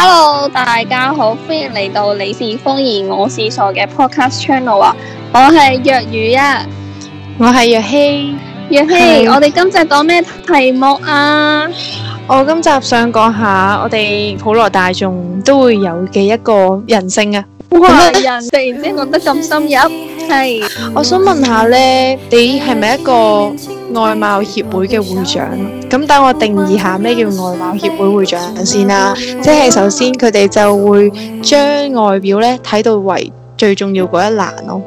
Hello，大家好，歡迎嚟到你是風兒，我是傻嘅 Podcast Channel 啊！我係若如啊，我係若曦。若曦，Hello，我哋今集講咩題目啊？我今集想講下我哋普羅大眾都會有嘅一個人性啊！哇！人突然之間諗得咁深入，係我想問下呢，你係咪一個外貌協會嘅會長？咁等我定義下咩叫外貌協會會長先啦。即係首先佢哋就會將外表呢睇，到為最重要嗰一欄咯。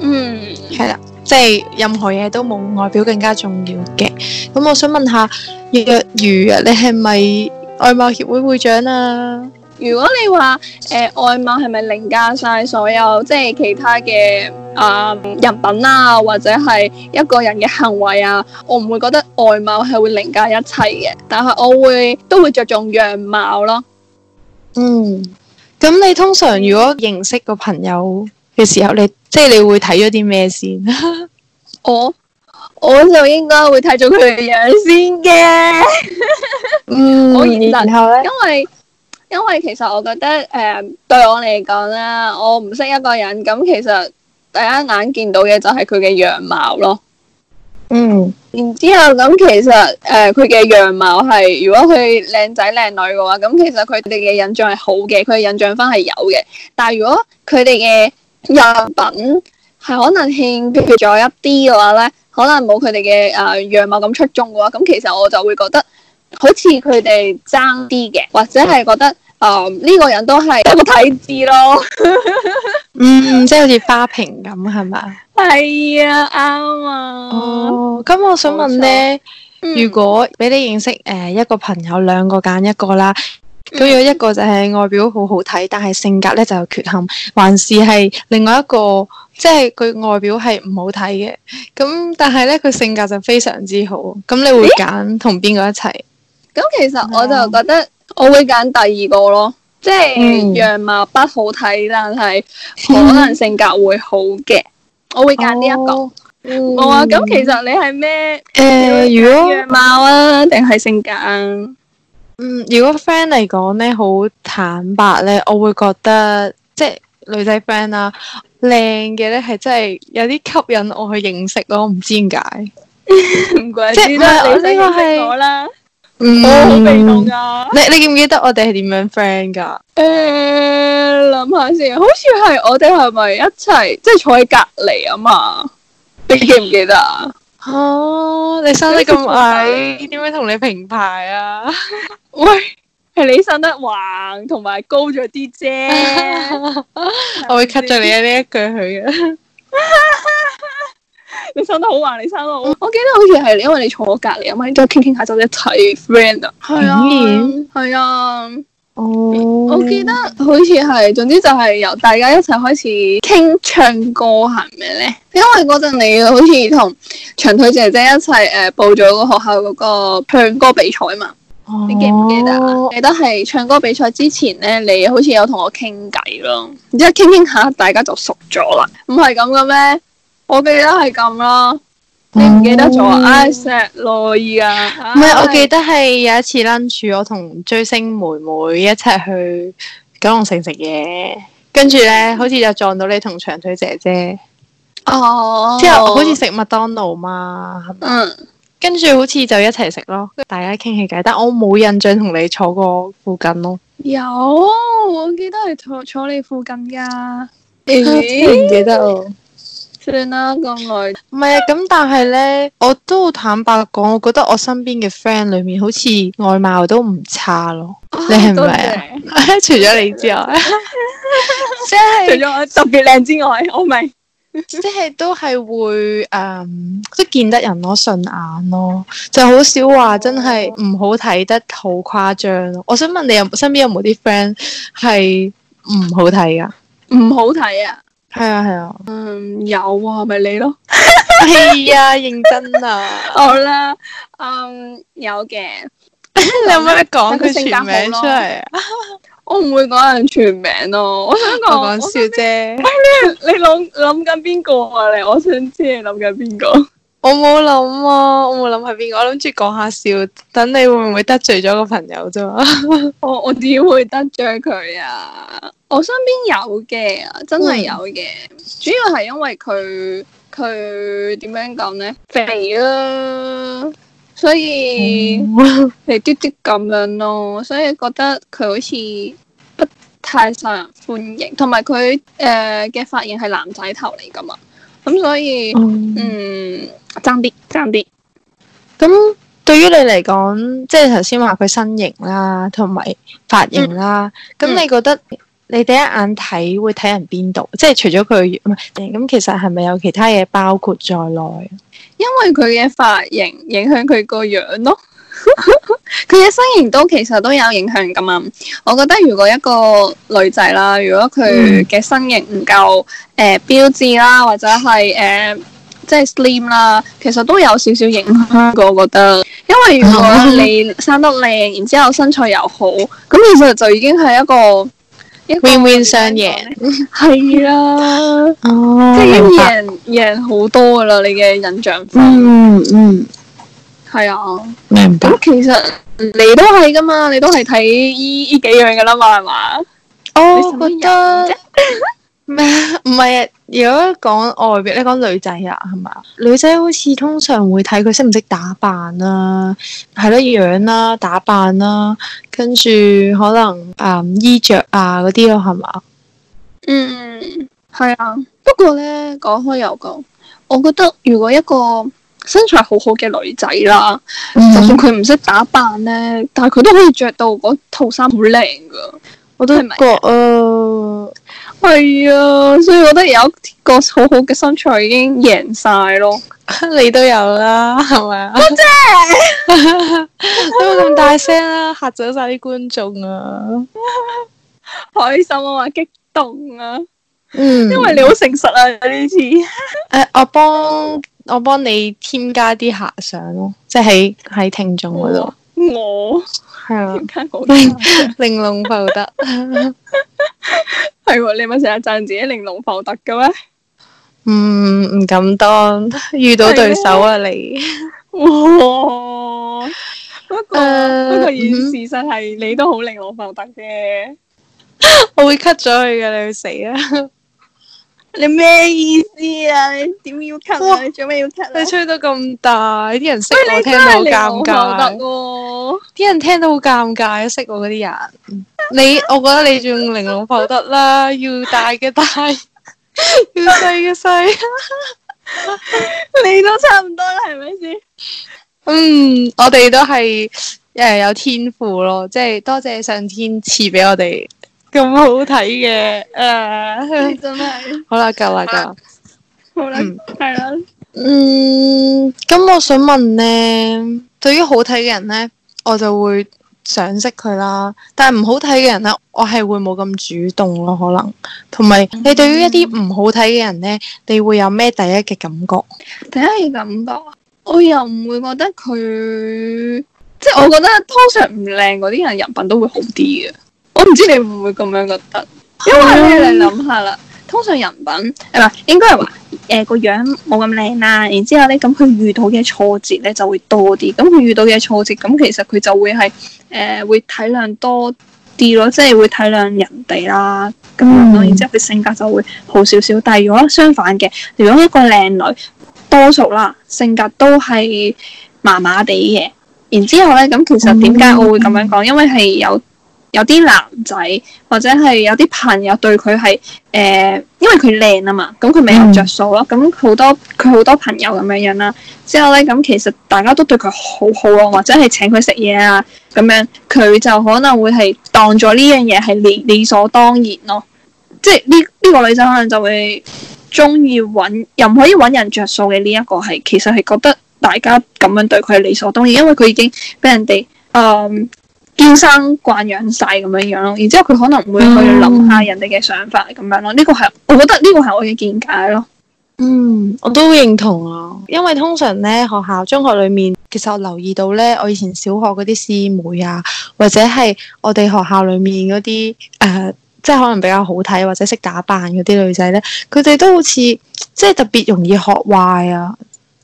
嗯，係啦，即係任何嘢都冇外表更加重要嘅。咁我想問下若如啊，你係咪外貌協會會長啊？如果你話誒、呃、外貌係咪凌駕晒所有，即係其他嘅啊、呃、人品啊或者係一個人嘅行為啊，我唔會覺得外貌係會凌駕一切嘅，但係我會都會着重樣貌咯。嗯，咁你通常如果認識個朋友嘅時候，你即係你會睇咗啲咩先？ 我我就應該會睇咗佢樣先嘅。 嗯，好，然後咧，因為。因為其實我覺得，誒、呃，對我嚟講啦，我唔識一個人，咁其實第一眼見到嘅就係佢嘅樣貌咯。嗯，然之後咁其實，誒、呃，佢嘅樣貌係如果佢靚仔靚女嘅話，咁其實佢哋嘅印象係好嘅，佢嘅印象分係有嘅。但係如果佢哋嘅人品係可能欠缺咗一啲嘅話咧，可能冇佢哋嘅誒樣貌咁出眾嘅話，咁其實我就會覺得。好似佢哋爭啲嘅，或者係覺得誒呢、呃這個人都係、 嗯、得個睇字咯。嗯，即係好似花瓶咁，係咪？係啊，啱啊。哦，咁我想問咧，如果俾你認識誒、呃、一個朋友，兩個揀一個啦，咁有一個就係外表好好睇，但係性格咧就有缺陷，還是係另外一個即係佢外表係唔好睇嘅，咁但係咧佢性格就非常之好，咁你會揀同邊個一齊？咁其實我就覺得我會揀第二個咯，即係樣貌不好睇，但係可能性格會好嘅，嗯、我會揀呢一個。我啊、哦、咁、嗯哦、其實你係咩？誒、呃，如果樣貌啊，定係性格、啊？嗯，如果 friend 嚟講咧，好坦白咧，我會覺得即係女仔 friend 啊，靚嘅咧係真係有啲吸引我去認識咯，唔知點解。唔 怪之得你比我識我啦。是我好、mm, 哦、被動噶、啊，你你記唔記得我哋係點樣 friend 噶？誒、呃，諗下先，好似係我哋係咪一齊即係坐喺隔籬啊嘛？你記唔記得啊？ 哦，你生得咁矮，點樣同你平排啊？ 喂，係你生得橫同埋高咗啲啫， 我會 cut 咗你呢一句去嘅。 你生得好啊！你生得好，我記得好似係因為你坐我隔籬啊嘛，然之後傾傾下就一齊 friend 啦。係 啊，係啊。哦，oh. 我記得好似係，總之就係由大家一齊開始傾唱歌係咪咧？因為嗰陣你好似同長腿姐姐一齊誒、呃、報咗個學校嗰個唱歌比賽嘛。Oh. 你記唔記得啊？Oh. 記得係唱歌比賽之前咧，你好似有同我傾偈咯。然之後傾傾下，大家就熟咗啦。唔係咁嘅咩？我記得係咁咯，你唔記得咗啊？唉、嗯，哎，石內噶，唔、哎、係，我記得係有一次 lunch，我同追星妹妹一齊去九龍城食嘢，跟住咧，好似就撞到你同長腿姐姐哦。之後好似食麥當勞嘛，嗯，跟住好似就一齊食咯，大家傾起偈。但我冇印象同你坐過附近咯。有，我記得係坐坐你附近噶，唔、欸、記得哦。算啦，咁外唔係啊，咁但係咧，我都坦白講，我覺得我身邊嘅 friend 裏面好似外貌都唔差咯，哦、你係唔係啊？謝 除咗你之外， 即係是除咗我特別靚之外，我唔係， 即係都係會誒，即、嗯、係見得人咯順眼咯，就少好少話真係唔好睇得好誇張咯。哦、我想問你身邊有身邊有冇啲 friend 係唔好睇噶？唔好睇啊！係啊係啊，啊嗯有啊，咪、就是、你咯，係啊、 哎、認真啊， 好啦，嗯有嘅， 你有冇得講佢全名出嚟啊？ 我唔會講人全名咯，我想講講笑啫、 哦。你你諗諗緊邊個啊？你我想知你諗緊邊個？ 我冇諗啊，我冇諗係邊個，我諗住講下笑，等你會唔會得罪咗個朋友啫？ 我我點會得罪佢啊？我身邊有嘅，真係有嘅，嗯、主要係因為佢佢點樣講咧？肥啦了，所以肥、嗯、嘟嘟咁樣咯，所以覺得佢好似不太受人歡迎，同埋佢誒嘅髮型係男仔頭嚟噶嘛。咁所以，嗯，爭啲，爭啲。咁對於你嚟講，即係頭先話佢身形啦，同埋髮型啦。咁，嗯，你覺得你第一眼睇會睇人邊度？即係除咗佢，唔係咁，其實係咪有其他嘢包括在內？因為佢嘅髮型影響佢個樣咯。佢嘅 身形都其實都有影響噶嘛，我覺得如果一個女仔啦，如果佢嘅身形唔夠誒標志啦，或者係誒、呃、即係 slim 啦，其實都有少少影響嘅，我覺得。因為如果你生得靚，然之後身材又好，咁其實就已經係一個 win win 雙贏，係啦、 啊，即係贏贏好多噶啦，你嘅印象分。嗯嗯。嗯係啊，咁明白其實你都係噶嘛，你都係睇呢呢幾樣噶啦嘛，係嘛？我、哦、覺得咩唔係啊？如果講外表，你講女仔啊，係嘛？女仔好似通常會睇佢識唔識打扮啊，係咯、啊、樣啦、啊，打扮啦、啊，跟住可能啊衣着啊嗰啲咯，係嘛？嗯，係啊、嗯、啊。不過咧，講開又講，我覺得如果一個。身材好好嘅女仔啦，嗯、就算佢唔識打扮咧，但係佢都可以着到套衫好靚噶。我都係嗰個啊，係、呃、啊，所以我覺得有一個好好嘅身材已經贏晒咯。 你都有啦，係咪姐 啊？多謝都咁大聲啦，嚇咗晒啲觀眾啊！ 開心啊嘛，激動啊！嗯，因為你好誠實啊呢次。誒、 呃，阿邦。我幫你添加啲遐想咯，即係喺聽眾嗰度、哦。我係啊，點解我玲瓏浮凸？係 喎、 嗯，你咪成日讚自己玲瓏浮凸嘅咩？唔唔敢當，遇到對手啊你。不過不過，現事實係你都好玲瓏浮凸嘅。 我會 cut 咗佢嘅，你去死啊！ 你咩意思啊？你點要 cut 啊？你做咩要 cut 你吹得咁大，啲人識我，我聽到尷尬。得啲人聽到好尷尬，識我嗰啲人。 你，我覺得你仲玲瓏浮凸啦，要大嘅大， 要細嘅細，你都差唔多啦，係咪先？嗯，我哋都係誒有天賦咯，即係多謝上天賜俾我哋。咁好睇嘅，誒、啊，你真係 好啦，夠啦，夠啦，好啦，係、嗯、啦，嗯，咁我想問呢，對於好睇嘅人呢，我就會想識佢啦。但係唔好睇嘅人呢，我係會冇咁主動咯，可能。同埋，你對於一啲唔好睇嘅人呢，你會有咩第一嘅感覺？第一嘅感覺，我又唔會覺得佢，即係我覺得通常唔靚嗰啲人，人品都會好啲嘅。我唔知你會唔會咁樣覺得，因為、嗯、你要諗下啦。通常人品，誒唔係，應該係話，誒、呃、個樣冇咁靚啦。然之後咧，咁佢遇到嘅挫折咧就會多啲。咁佢遇到嘅挫折，咁其實佢就會係，誒、呃、會體諒多啲咯，即係會體諒人哋啦。咁、嗯、然之後，之後佢性格就會好少少。但係如果相反嘅，如果一個靚女，多數啦，性格都係麻麻地嘅。然之後咧，咁其實點解我會咁樣講？嗯、因為係有。有啲男仔或者係有啲朋友對佢係誒，因為佢靚啊嘛，咁佢咪有着數咯。咁好多，嗯，佢好多朋友咁樣樣啦。之後咧咁，其實大家都對佢好好咯，或者係請佢食嘢啊咁樣，佢就可能會係當咗呢樣嘢係理理所當然咯。即係呢呢個女仔可能就會中意揾又唔可以揾人着數嘅呢一個係，其實係覺得大家咁樣對佢係理所當然，因為佢已經俾人哋誒。嗯天生慣養晒咁樣樣咯，然之後佢可能會去諗下人哋嘅想法咁、嗯、樣咯。呢、呢個係我覺得呢、呢個係我嘅見解咯。嗯，我都認同啊，因為通常咧學校中學裏面，其實我留意到咧，我以前小學嗰啲師妹啊，或者係我哋學校裏面嗰啲誒，即係可能比較好睇或者識打扮嗰啲女仔咧，佢哋都好似即係特別容易學壞啊。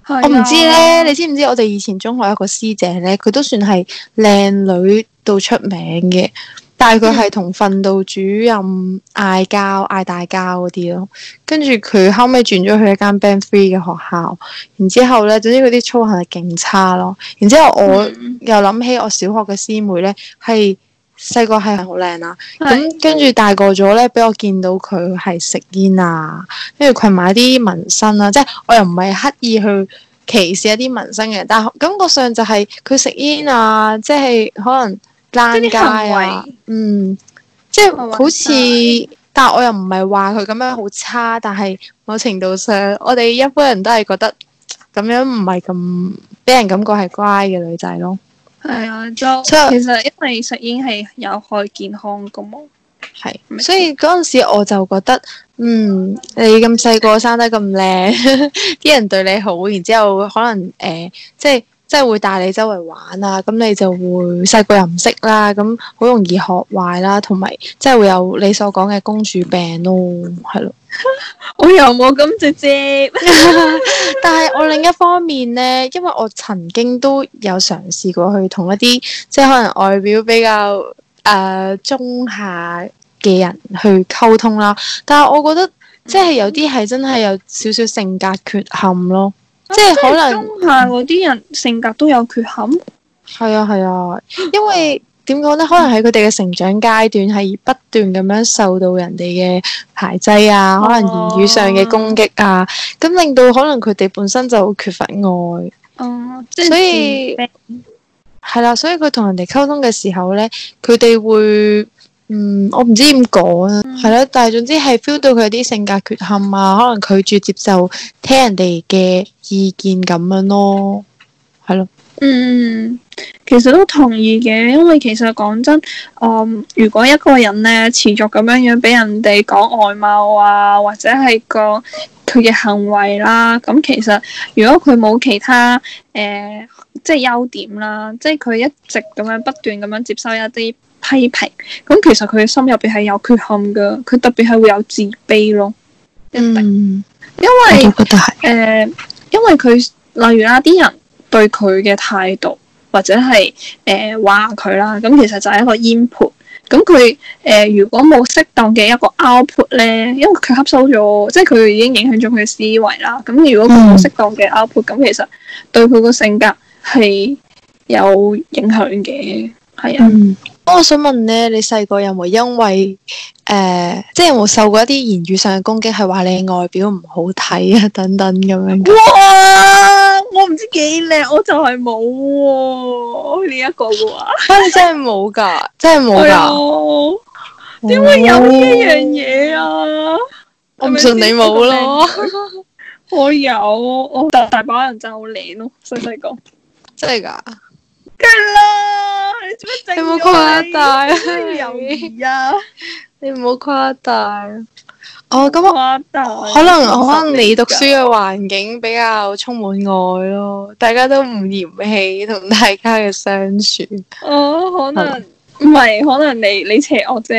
啊，我唔知咧，你知唔知我哋以前中學一個師姐咧，佢都算係靚女。到出名嘅，但係佢係同訓導主任嗌交、嗌大交嗰啲咯。跟住佢後尾轉咗去一間 Band Three 嘅學校，然之後咧，總之佢啲操行係勁差咯。然之後我又諗起我小學嘅師妹咧，係細個係好靚啦，咁是、嗯、跟住大個咗咧，俾我見到佢係食煙啊，跟住佢買啲紋身啊，即係我又唔係刻意去歧視一啲紋身嘅，但係感覺上就係佢食煙啊，即係可能。爛街啊，嗯，即係好似，嗯、但我又唔係話佢咁樣好差，但係某程度上，我哋一般人都係覺得咁樣唔係咁俾人感覺係乖嘅女仔咯。係啊，就以其實因為食煙係有害健康噶嘛。係是，所以嗰陣時我就覺得，嗯，你咁細個生得咁靚，啲 人對你好，然之後可能誒、呃，即係。即係會帶你周圍玩啊，咁你就會細個又唔識啦，咁好容易學壞啦，同埋即係會有你所講嘅公主病咯，係咯。 我又冇咁直接， 但係我另一方面呢，因為我曾經都有嘗試過去同一啲即係可能外表比較誒、呃、中下嘅人去溝通啦，但係我覺得即係有啲係真係有少少性格缺陷咯。即係可能中下嗰啲人性格都有缺陷，係啊，係啊，因為點講呢？可能喺佢哋嘅成長階段，係不斷咁樣受到人哋嘅排擠啊，可能言語上嘅攻擊啊，咁、哦、令到可能佢哋本身就缺乏愛，哦、所以係啦、嗯啊，所以佢同人哋溝通嘅時候呢，佢哋會。嗯，我唔知點講啊，係咯、嗯，但係總之係 feel 到佢啲性格缺陷啊，可能拒絕接受聽人哋嘅意見咁樣咯，係咯。嗯，其實都同意嘅，因為其實講真，嗯，如果一個人咧持續咁樣樣俾人哋講外貌啊，或者係個。佢嘅行為啦，咁其實如果佢冇其他誒、呃，即係優點啦，即係佢一直咁樣不斷咁樣接收一啲批評，咁其實佢嘅心入邊係有缺陷㗎，佢特別係會有自卑咯。一定。嗯，因為我覺得係誒，因為佢例如啦，啲人對佢嘅態度或者係誒、呃、話佢啦，咁其實就係一個煙盆。咁佢誒，如果冇適當嘅一個 output 咧，因為佢吸收咗，即係佢已經影響咗佢嘅思維啦。咁如果佢冇適當嘅 output，咁、嗯、其實對佢個性格係有影響嘅。係啊，嗯、我想問咧，你細個有冇因為誒、呃，即係有冇受過一啲言語上嘅攻擊，係話你外表唔好睇啊，等等咁樣嘅？哇我唔知幾靚，我就係冇喎。你、這、一個嘅話，真係冇㗎，真係冇㗎。點、 哎、會有呢樣嘢啊？我唔信你冇咯。我有，我但大把人讚我靚咯，細細個。真係㗎？梗係啦，你做乜整？你唔好誇大、哎、啊！ 你唔好誇大。哦，咁我可能、啊、可能你讀書嘅環境比較充滿愛咯，大家都唔嫌棄同大家嘅相處。哦，可能唔係、嗯，可能你你邪惡啫。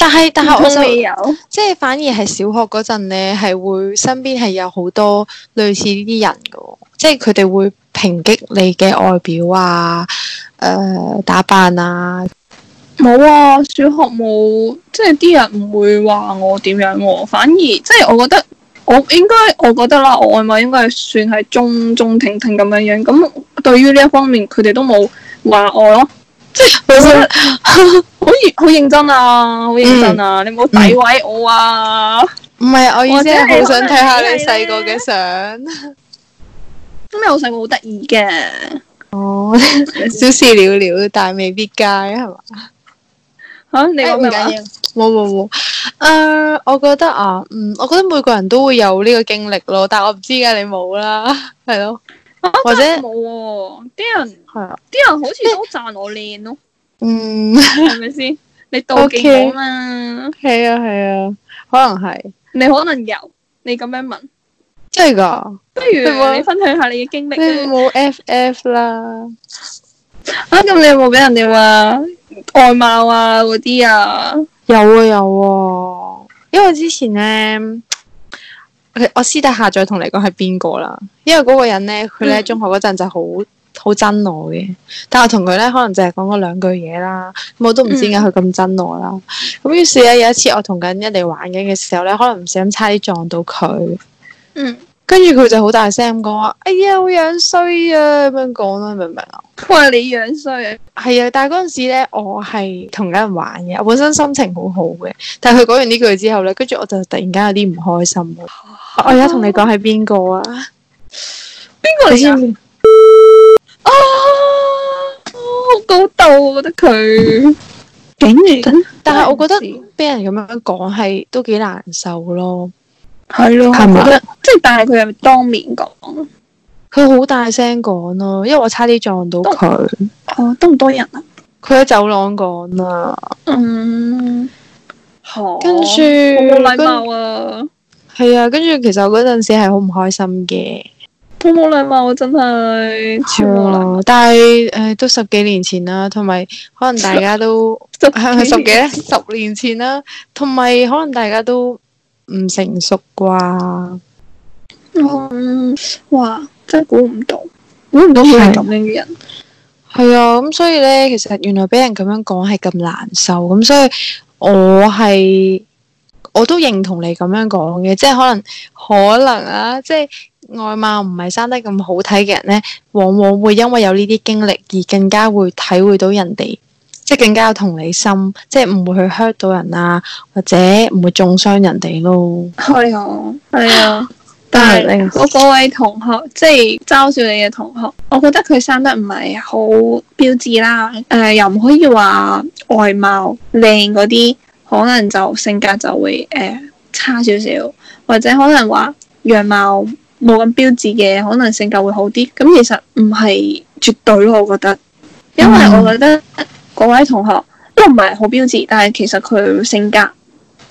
但係，但係我未有，即係反而係小學嗰陣咧，係會身邊係有好多類似呢啲人噶，即係佢哋會抨擊你嘅外表啊，誒、呃，打扮啊。冇啊，小學冇，即係啲人唔會話我點樣喎、啊。反而即係我覺得我應該，我覺得啦，我外貌應該係算係中中挺挺咁樣樣。咁對於呢一方面，佢哋都冇話我咯、啊。即係、嗯、 好好，好認真啊，好認真啊！嗯、你唔好詆毀我啊！唔係、嗯，我意思係好想睇下你細個嘅相。咁你細個好得意嘅。哦 小時了了，大未必佳係嘛？啊！你我唔反應，冇冇冇。誒，uh, 我覺得啊，嗯，我覺得每個人都會有呢個經歷咯，但係我唔知噶，你冇啦，係、啊啊啊、咯，或者冇喎。啲人係啊，啲人好似都讚我靚咯，嗯，係咪先？你妒忌我啦？係啊係啊，可能係。你可能有，你咁樣問，即係噶？不如你分享下你嘅經歷啦。冇 F F 啦。F 啊，咁你有冇俾人哋話？外貌啊，嗰啲啊，有啊有啊，因為之前呢，我私底下再同你講係邊個啦，因為嗰個人呢，佢呢，嗯、中學嗰陣就好好憎我嘅，但係我同佢呢，可能淨係講過兩句嘢啦，我都唔知點解佢咁憎我啦，咁於、嗯、是呢，有一次我同緊一嚟玩緊嘅時候呢，可能唔小心差啲撞到佢，嗯。跟住佢就好大聲咁講啊！哎呀，我樣衰啊！咁樣講啦，明唔明啊？哇，你樣衰啊？係啊，但係嗰陣時咧，我係同緊人玩嘅，我本身心情好好嘅。但係佢講完呢句之後咧，跟住我就突然間有啲唔開心。啊、我而家同你講係邊個啊？邊個嚟噶？啊！好高竇，我覺得佢竟然，員但係我覺得俾人咁樣講係都幾難受咯。係咯，係咪？即係但係佢係當面講，佢好大聲講咯，因為我差啲撞到佢。哦，多唔多人啊？佢喺走廊講啊。嗯，哦、跟住冇禮貌啊。係啊，跟住其實我嗰陣時係好唔開心嘅。都冇禮貌啊，真係。超哦，但係誒、呃、都十幾年前啦，同埋可能大家都十係咪十幾？十年前啦，同埋可能大家都。 唔成熟啩，我、嗯、哇真係估唔到，估唔到佢係咁樣嘅人。係啊的，咁、嗯、所以呢，其實原來俾人咁樣講係咁難受，咁所以我係我都認同你咁樣講嘅，即係可能可能啊，即係外貌唔係生得咁好睇嘅人呢，往往會因為有呢啲經歷而更加會體會到人哋。即係更加有同理心，即係唔會去 hurt 到人啊，或者唔會中傷人哋咯。係啊、哎，係、哎、啊。 但係是 我嗰位同學，即係嘲笑你嘅同學，我覺得佢生得唔係好標致啦。誒、呃，又唔可以話外貌靚嗰啲，可能就性格就會誒、呃、差少少，或者可能話樣貌冇咁標致嘅，可能性格會好啲。咁其實唔係絕對咯，我覺得，因為我覺得、嗯。各位同學都唔係好標致，但係其實佢性格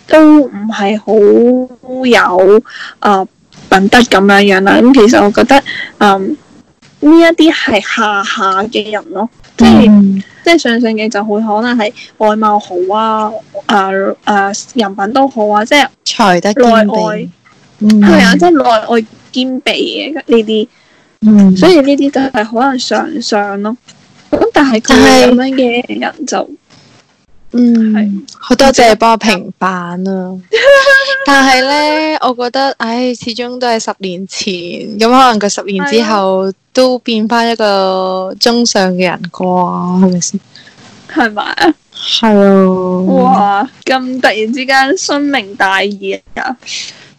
都唔係好有啊、呃、品德咁樣樣啦。咁、嗯、其實我覺得，嗯、呃，呢一啲係下下嘅人咯，即係、嗯、即係上上嘅就會可能係外貌好啊，誒、啊、誒、啊、人品都好啊，即係才德內外，係、嗯、啊，即係內外兼備嘅呢啲，嗯、所以呢啲都係可能上上咯。咁但係咁是樣嘅人就，嗯，好是多謝幫我平反啊！ 但係呢，我覺得，唉，始終都係十年前，咁可能佢十年之後、啊、都變翻一個中上嘅人啩，係咪先？係咪啊？係咯！哇，咁突然之間，深明大義啊！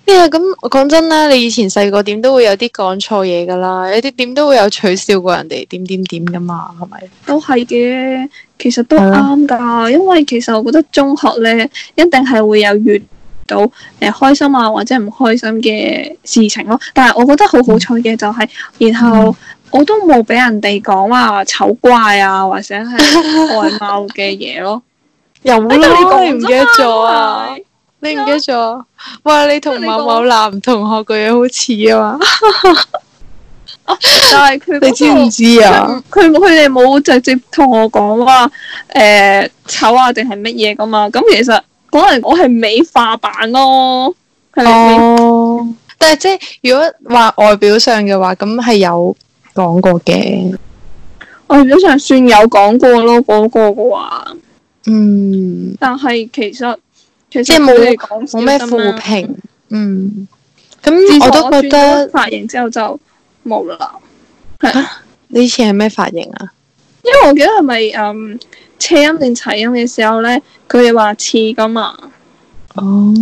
咩啊？咁講真啦，你以前細個點都會有啲講錯嘢噶啦，有啲點都會有取笑過人哋點點點噶嘛，係咪？都係嘅，其實都啱噶，嗯、因為其實我覺得中學咧一定係會有遇到誒開心啊或者唔開心嘅事情咯。但係我覺得好好彩嘅就係、是，然後我都冇俾人哋講話醜怪啊或者係外貌嘅嘢咯。 又有咯，你唔記得咗啊？你唔記得咗？哇！你同某，某某男同學， 個樣好似啊嘛！但係佢你知唔知啊？佢佢哋冇直接同我講話誒醜啊定係乜嘢噶嘛咁其實可能我係美化版咯。是是哦，但係即係如果話外表上嘅話，咁係有講過嘅。外表上算有講過咯，嗰、個嘅話，嗯。但係其實。即係冇冇咩負評，嗯，咁、嗯嗯、自主 我都覺得髮型之後就冇啦。係啊，呢次係咩髮型啊？因為我記得係咪嗯車音定齊音嘅時候咧，佢哋話似噶嘛。哦，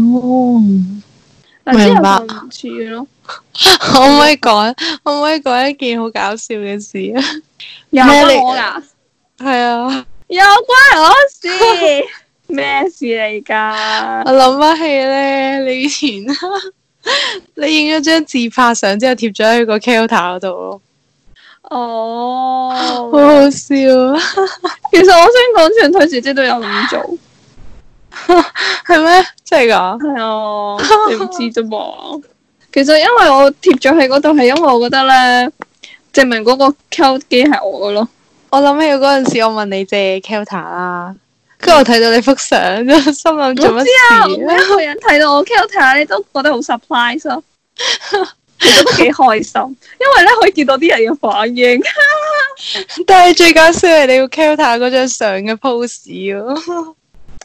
但明白。似咯，可唔可以講？可唔可以講一件好搞笑嘅事啊？有冇我噶？係啊，有關我事。咩事嚟噶？我諗翻起咧，你以前 你影咗張自拍相之後貼咗喺個 counter 度咯。哦，好 好笑。 其實我想講長腿姐姐都有咁做，係 咩？真係噶？係啊、 哎，你唔知咋噃。 其實因為我貼咗喺嗰度，係因為我覺得咧，證明嗰個 counter 機係我咯。我諗起嗰陣時，我問你借 counter 啦。跟住我睇到你幅相，心諗做乜事？知啊，我每一個人睇到我 Kelta 你都覺得好 surprise 咯，都幾開心，因為咧可以見到啲人嘅反應。但係最搞笑係你要 Kelta 嗰張相嘅 pose 咯，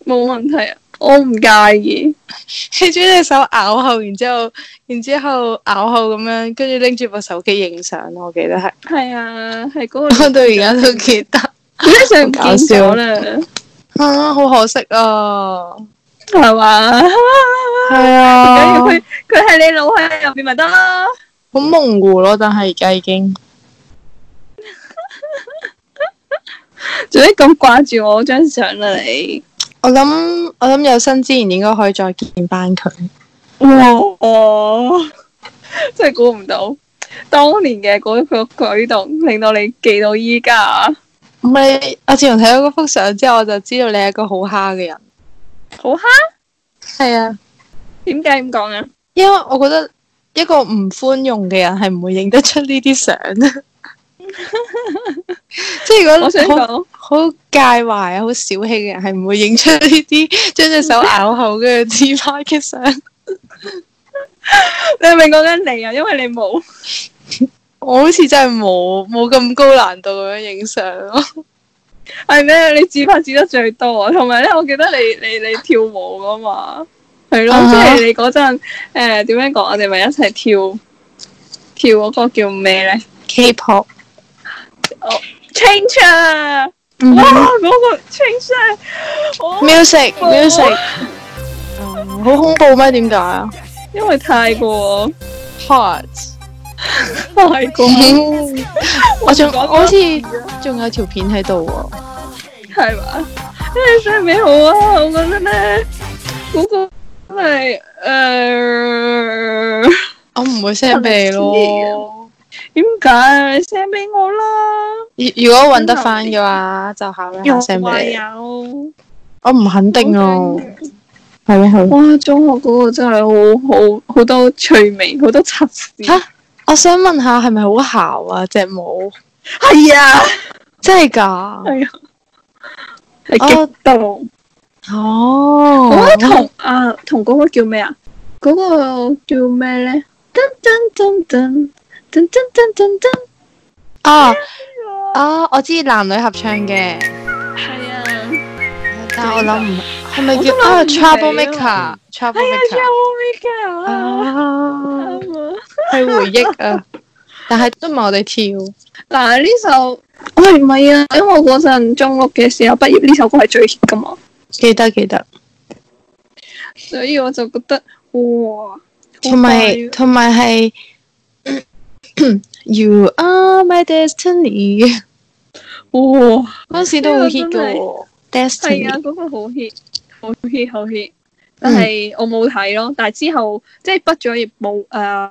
冇問題啊，我唔介意。企住隻手咬後，然之後，然之後咬後咁樣，跟住拎住部手機影相，我記得係。係啊，係嗰個，我到而家都記得。想搞笑啦～啊，好可惜啊，係嘛 吧？係啊， 假如佢佢喺你腦海入邊咪得咯？好模糊咯，但係而家已經，做咩咁掛住我張相啦！你，我諗我諗有生之年應該可以再見翻佢。哇哦， 真係估唔到，當年嘅嗰、嗰個嗰個舉動令到你記到依家。唔係，我自從睇到嗰幅相之後，我就知道你係一個好蝦嘅人。好蝦？係啊。點解咁講啊？因為我覺得一個唔寬容嘅人係唔會認得出呢啲相嘅。即係如果老實講，好介懷啊，好小氣嘅人係唔會影出呢啲將隻手咬口嘅自拍嘅相。你係咪講緊你啊？因為你冇。我好似真係冇冇咁高難度咁樣影相。啊，係 咩？你自拍自拍得最多。啊，同埋咧，我記得你你你，你跳舞噶嘛，係咯，uh huh。即係你嗰陣誒，點樣講？我哋咪一齊跳跳嗰個叫咩咧 K-Pop 哦，Change，mm hmm。哇，嗰、那個 Change，music，music，好恐怖咩？點解啊？因為太過 hot。Part. 我係還咁，我仲好似仲有條片喺度喎，係嘛，欸？你 send 俾我啊，我覺得呢？嗰，那個係誒，呃、我唔會 send 俾你咯。點解？send 俾我啦！如果搵得翻嘅話，就考慮下 send 俾你。有？我唔肯定哦。係啊係。哇！中學嗰個真係好好好，好多趣味，好多測試。我想問下，係咪好姣啊隻舞？係啊，真係噶，係激到哦！同啊同嗰個叫咩啊？嗰個叫咩咧？噔噔噔噔噔噔噔噔噔。哦哦，我知男女合唱嘅。係啊，但我諗唔。係咪叫啊 Trouble Maker？Trouble Maker？係回憶啊，但係都冇我哋跳。嗱呢首，喂唔係啊，因為嗰陣中學嘅時候畢業呢首歌係最 hit 噶嘛，記得記得。所以我就覺得哇，同埋同埋係 You Are My Destiny。哇，嗰時都好 hit 噶，Destiny 係啊，嗰個好 hit。好 hit 好 hit 但係我冇睇咯，但係之後即係畢咗業冇誒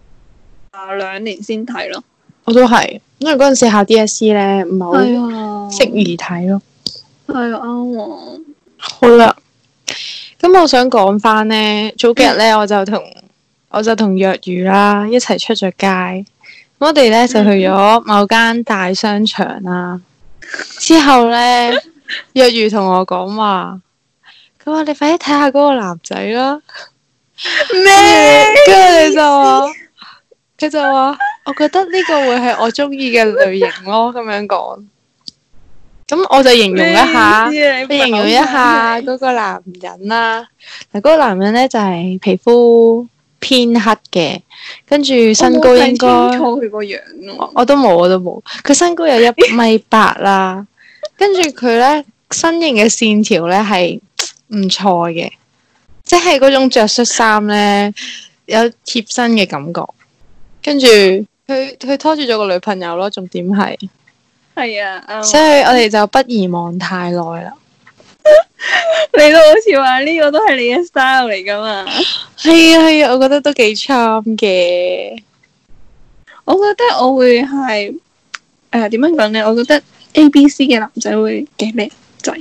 誒兩年先睇咯。我都係，因為嗰陣時考 DSE 咧，唔係好適宜睇咯。係啱喎。啊、好啦，咁我想講翻呢，早幾日咧，我就同我就同若如啦一齊出咗街。咁我哋咧就去咗某間大商場啦、啊。之後咧，若如同我講話。佢話你快啲睇下嗰個男仔啦，啊。咩麼？跟住你就話佢就話，我覺得呢個會係我中意嘅類型咯，啊。咁樣講，咁我就形容一下，我形容一下嗰個男人啦，啊。嗱，嗰個男人咧就係、是、皮膚偏黑嘅，跟住身高應該清楚佢個樣，啊我。我都冇，我都冇。佢身高有一米八啦， 跟住佢咧身形嘅線條咧係。唔錯嘅，即係嗰種着恤衫呢， 有貼身嘅感覺，跟住佢佢拖住咗個女朋友咯，重點係係啊，所以我哋就不宜望太耐啦。 你都好似話呢個都係你嘅 style 嚟噶嘛？係 啊係啊，我覺得都幾 charm 嘅。 我覺得我會係誒點樣講呢？我覺得 ABC 嘅男仔會幾靚仔。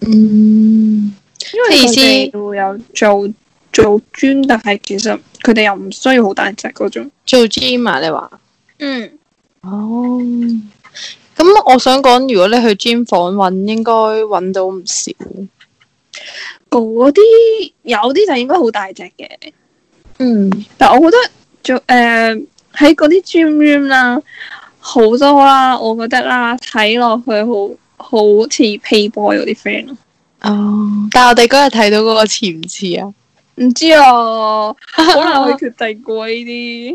嗯。因為佢哋會有做做 gym，但係其實佢哋又唔需要好大隻嗰種做 gym 啊？你話嗯哦，咁我想講，如果你去 gym 房搵，應該搵到唔少。嗰啲有啲就應該好大隻嘅。嗯，但我覺得做誒喺、呃、嗰啲 gym room 啦，好多啦，我覺得啦，睇落去好好似 playboy 嗰啲 friend 咯。Oh, 像像啊、哦，但係我哋嗰日睇到嗰個似唔似啊？唔知啊，可能會定。低啲、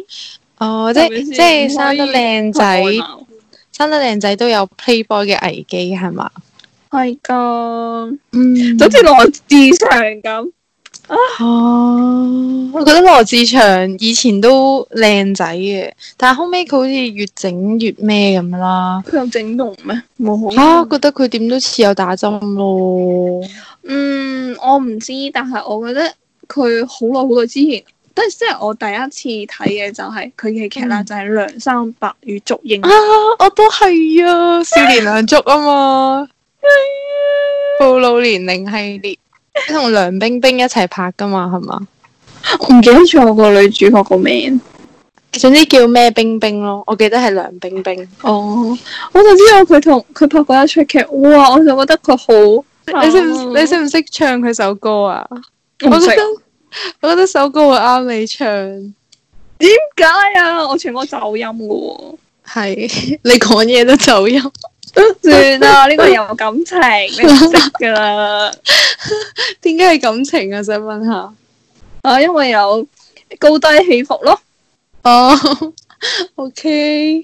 oh。哦，即係即係生得靚仔，生得靚仔都有 Playboy 嘅危機係嘛？係噶，My God. 嗯，好似羅志祥咁。啊，我覺得羅志祥以前都靚仔嘅，但係後尾佢好似越整越咩咁啦。佢有整容咩？冇好。吓、啊，覺得佢點都似有打針咯、啊。嗯，我唔知，但係我覺得佢好耐好耐之前，即係即係我第一次睇嘅就係佢嘅劇啦，嗯、就係《梁山伯與祝英》啊，我都係啊， 少年梁祝啊嘛，暴露、啊、年齡系列。佢同梁冰冰一齊拍噶嘛，係嘛？我唔記得咗我個女主角個名，總之叫咩冰冰咯。我記得係梁冰冰。哦， oh, 我就知道佢同佢拍過一出劇。哇！我就覺得佢好。Oh. 你識唔你識唔識唱佢首歌啊？我唔識。我覺得我覺得首歌會啱你唱。點解啊？我全部走音噶。係 你講嘢都走音。都算啦，呢個 有感情， 你唔識噶啦。點解係感情啊？想問下啊，因為有高低起伏咯。哦 ，OK，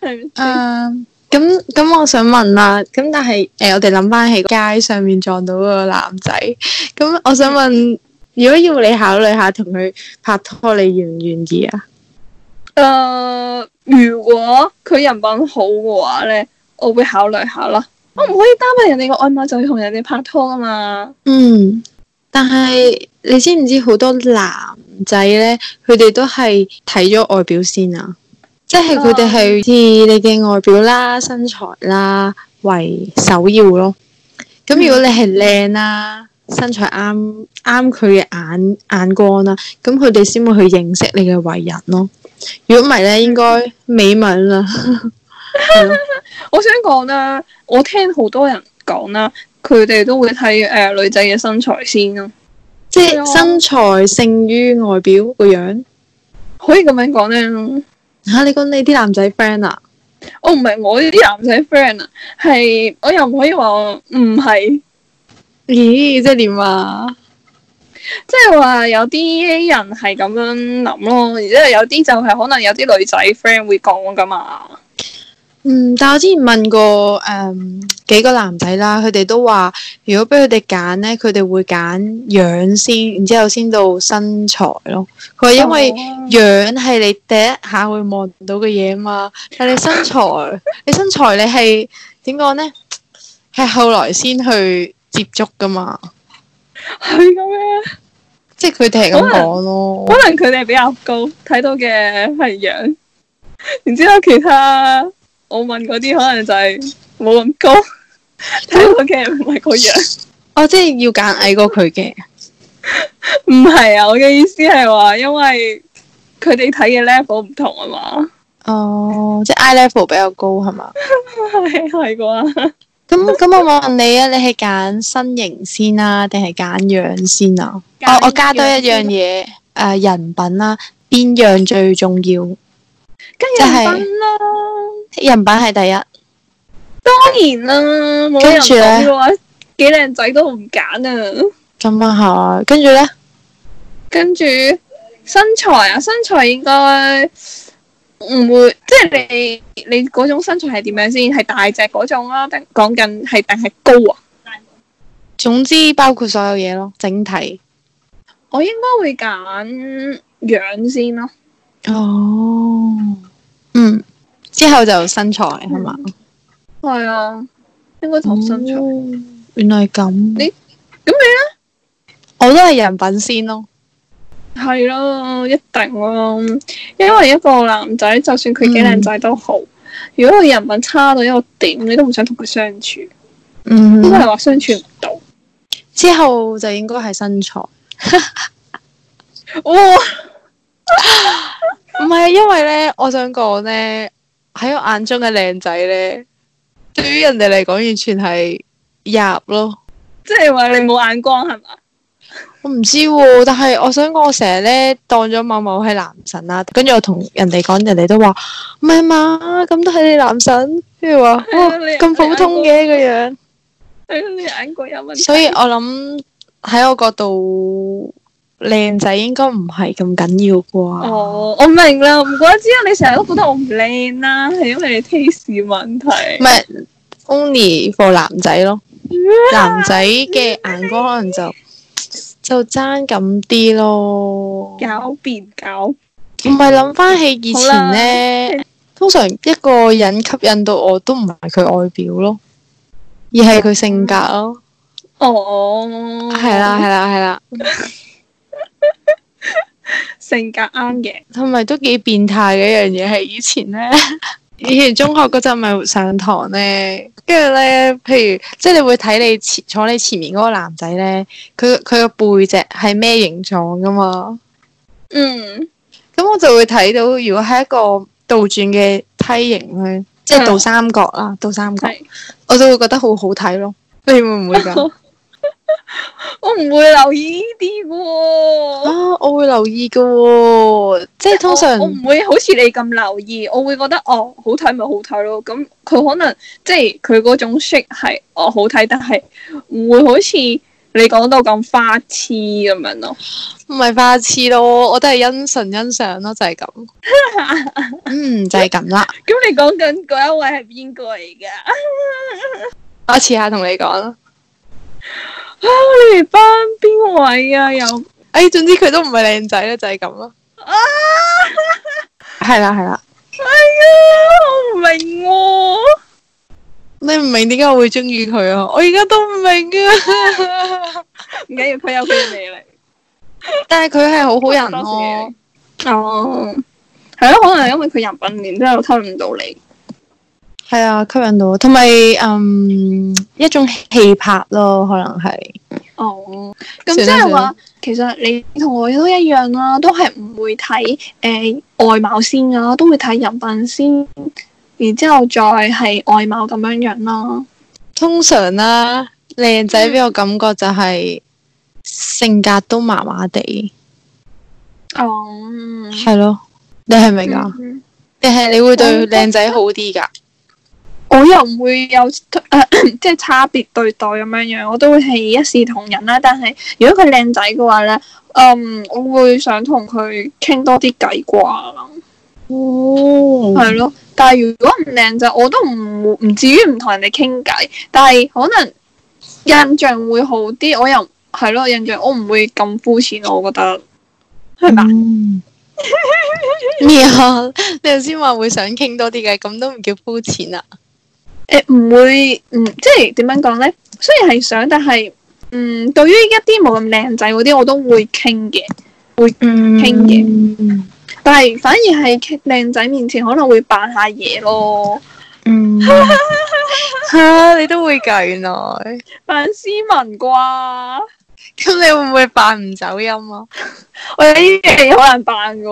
係唔係？誒，咁咁，我想問啦，啊。咁但係誒、呃，我哋諗翻喺街上面撞到個男仔，咁我想問，嗯、如果要你考慮下同佢拍拖，你願唔願意啊？誒，uh, 如果佢人品好嘅話咧？我會考慮下咯，我唔可以單憑人哋個外貌就要同人哋拍拖啊嘛。嗯，但係你知唔知好多男仔呢，佢哋都係睇咗外表先啊，即係佢哋係以你嘅外表啦，身材啦為首要咯。咁如果你係靚啦，身材啱啱佢嘅眼眼光啦，啊，咁佢哋先會去認識你嘅為人咯。如果唔係呢，應該美文啦。 我想講啦，我聽好多人講啦，佢哋都會睇誒、呃、女仔嘅身材先咯，啊，即係身材勝於外表個樣，可以咁樣講咧吓。你講你啲男仔 friend 啊？我唔係我呢啲男仔 friend 啊，係我又唔可以話唔係。咦，即係點啊？即係話有啲人係咁樣諗咯，而且有啲就係可能有啲女仔 friend 會講㗎嘛。嗯，但我之前問過誒、嗯、幾個男仔啦，佢哋都話，如果俾佢哋揀咧，佢哋會揀樣先，然之後先到身材咯。佢話因為樣係你第一下會望到嘅嘢嘛，但你身材， 你身材你係點講咧？係後來先去接觸噶嘛？係噶咩？即係佢哋係咁講咯可。可能佢哋係比較高睇到嘅係樣，然之後其他。我問嗰啲可能就係冇咁高，睇我嘅唔係個樣 哦，即係要揀矮過佢嘅。唔係啊，我嘅意思係話，因為佢哋睇嘅 level 唔同啊嘛。哦，即係 eye level 比較高係嘛？係係啩？咁咁， 我是 我問你啊，你係揀身形先啊，定係揀樣先啊？先哦，我加多一樣嘢，誒、呃，人品啦，邊樣最重要？跟住就係、是。人品係第一，當然啦，冇人講嘅話，幾靚仔都唔揀啊。咁啊係，跟住咧，跟住身材啊，身材應該唔會，即係你你嗰種身材係點樣先？係大隻嗰種啊？定講緊係定係高啊？是總之包括所有嘢咯，整體我應該會揀樣先咯。哦，嗯。之後就身材係嘛，係啊、嗯吧嗯，應該就身材。哦，原來咁，咁你咧？你呢，我都係人品先咯，係咯，一定咯。因為一個男仔，就算佢幾靚仔都好，嗯，如果佢人品差到一個點，你都唔想同佢相，嗯、相處。嗯，應該係話相處唔到。之後就應該係身材。 哇！唔係啊，因為咧，我想講咧。喺我眼中嘅靚仔咧，的對於人哋嚟講完全係入咯，即係話你冇眼光係嘛？的吧我唔知喎，啊，但係我想講，我成日咧當咗某某係男神啊，跟住我同人哋講，人哋都話唔係嘛，咁都係你男神，譬如話哇，咁普通嘅個樣，所以你眼光有問題。所以我諗喺我角度，靚仔應該唔係咁緊要啩？哦，oh, 我明啦，唔怪之得你成日都覺得我唔靚啦，係 因為你 taste 問題。唔係，only for 男仔咯，uh, 男仔嘅眼光可能就、uh, 就爭咁啲咯。狡辯狗，唔係諗翻起以前呢，well, 通常一個人吸引到我都唔係佢外表咯，而係佢性格咯。哦，係啦，係啦，係啦。 性格啱嘅，同埋都幾變態嘅一樣嘢。係以前咧，以前中學嗰陣咪上堂咧，跟住咧，譬如即係你會睇你前坐你前面嗰個男仔咧，佢佢個背脊係咩形狀噶嘛？嗯，咁我就會睇到，如果係一個倒轉嘅梯形去，即係倒三角啦，倒、嗯、三角，是我就會覺得好好睇咯。你會唔會噉？ 我唔會留意呢啲嘅，啊，我會留意嘅，即係通常我唔會好似你咁留意，我會覺得哦，好睇咪好睇咯。咁、嗯、佢可能即係佢嗰種色系哦好睇，但係唔會好似你講到咁花痴咁樣咯，唔係花痴咯，我都係欣賞欣賞咯，就係、是、咁， 嗯，就係咁啦。咁 你講緊嗰一位係邊個嚟噶？ 我遲下同你講啦。啊、你哋班邊位啊？又，誒、哎，總之佢都唔係靚仔啦，就係咁咯。啊！係啦係啦。係、哎哦、啊，我唔明。你唔明點解我會中意佢啊？我而家都唔明啊。唔緊要，佢有佢嘅魅力。但係佢係好好人咯。哦，係咯，可能係因為佢人品年，然都後吸唔到你。係啊，吸引到，同埋嗯，一種氣魄咯，可能係哦。咁即係話，其實你同我都一樣啦，啊，都係唔會睇，誒、呃、外貌先噶、啊，都會睇人品先，然之後再係外貌咁樣樣、啊、咯。通常啦，啊，靚仔俾我感覺就係、嗯、性格都麻麻地哦，係、嗯、咯，你係咪噶？定係、嗯、你，你會對靚仔好啲噶？我又唔會有，咳咳即係差別對待咁樣樣，我都會係一視同仁啦。但係如果佢靚仔嘅話咧，嗯，我會想同佢傾多啲偈啩。哦，係咯。但係如果唔靚仔，我都唔唔至於唔同人哋傾偈。但係可能印象會好啲。我又係咯，印象我唔會咁膚淺，我覺得係嘛？咩啊？嗯、 你頭先話會想傾多啲偈，咁都唔叫膚淺啊？誒唔、欸、會，嗯，即係點樣講咧？雖然係想，但係，嗯，對於一啲冇咁靚仔嗰啲，我都會傾嘅，會傾嘅。嗯、但係反而係靚仔面前，可能會扮下嘢咯。嗯， 你都會計原來扮斯文啩？咁你會唔會扮唔走音啊？ 我呢啲嘢好難扮噶，